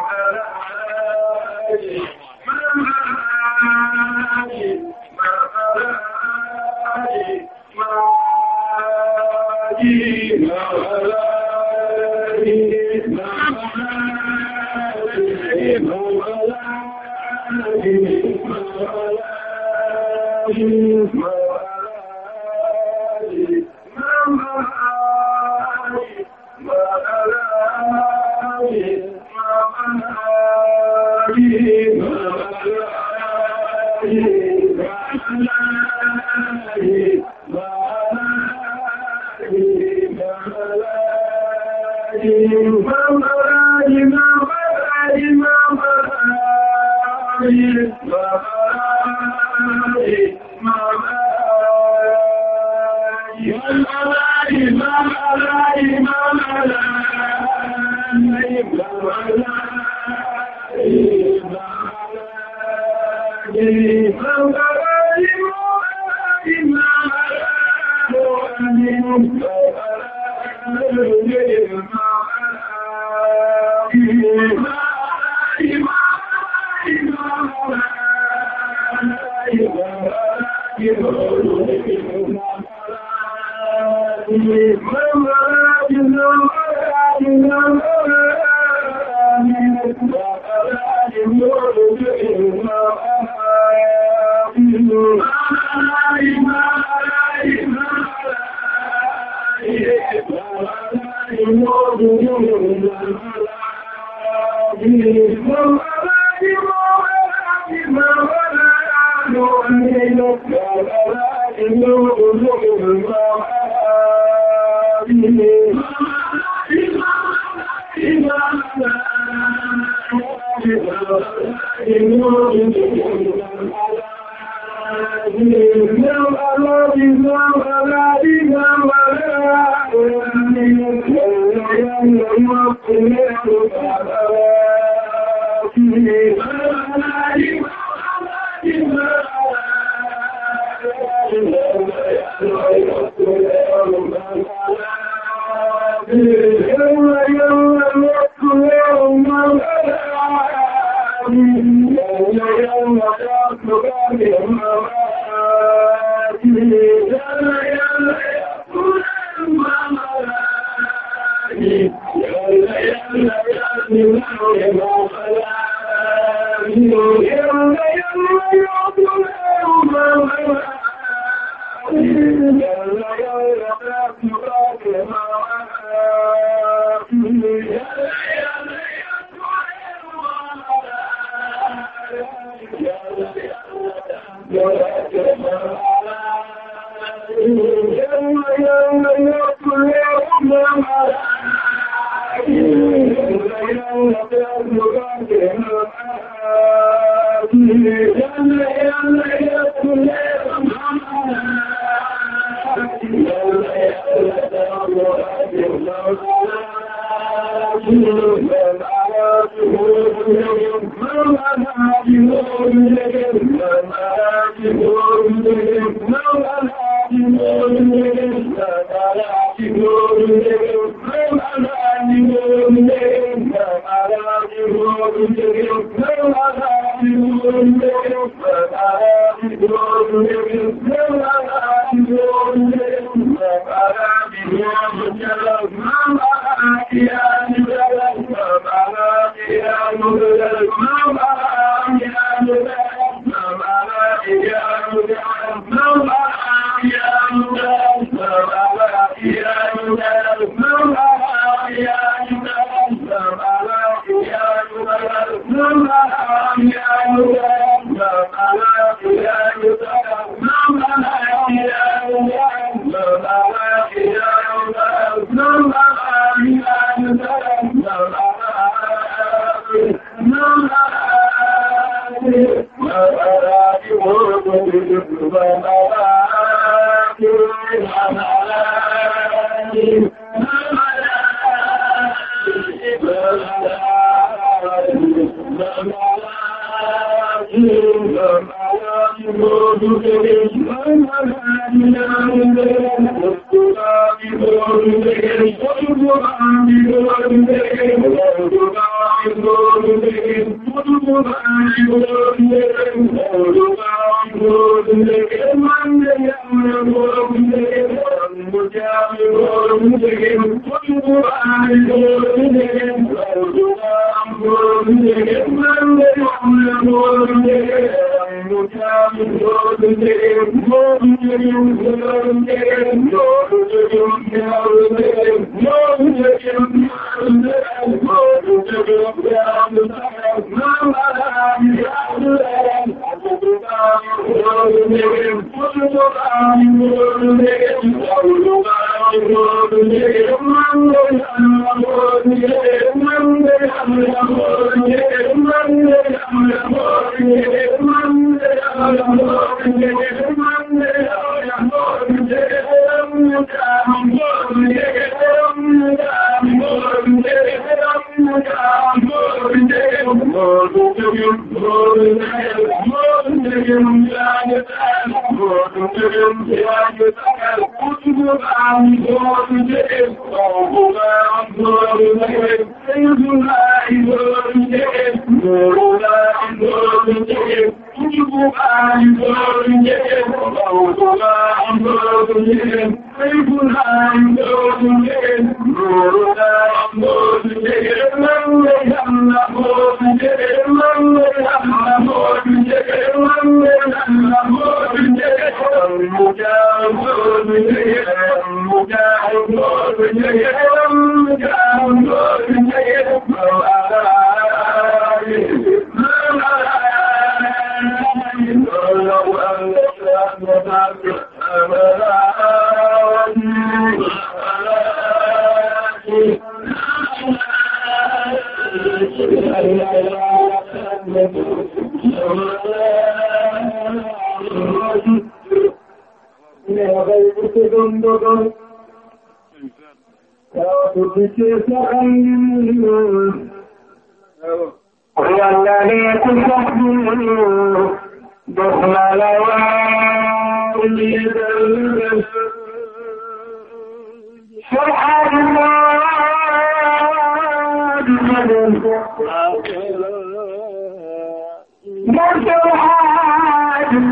Thank you.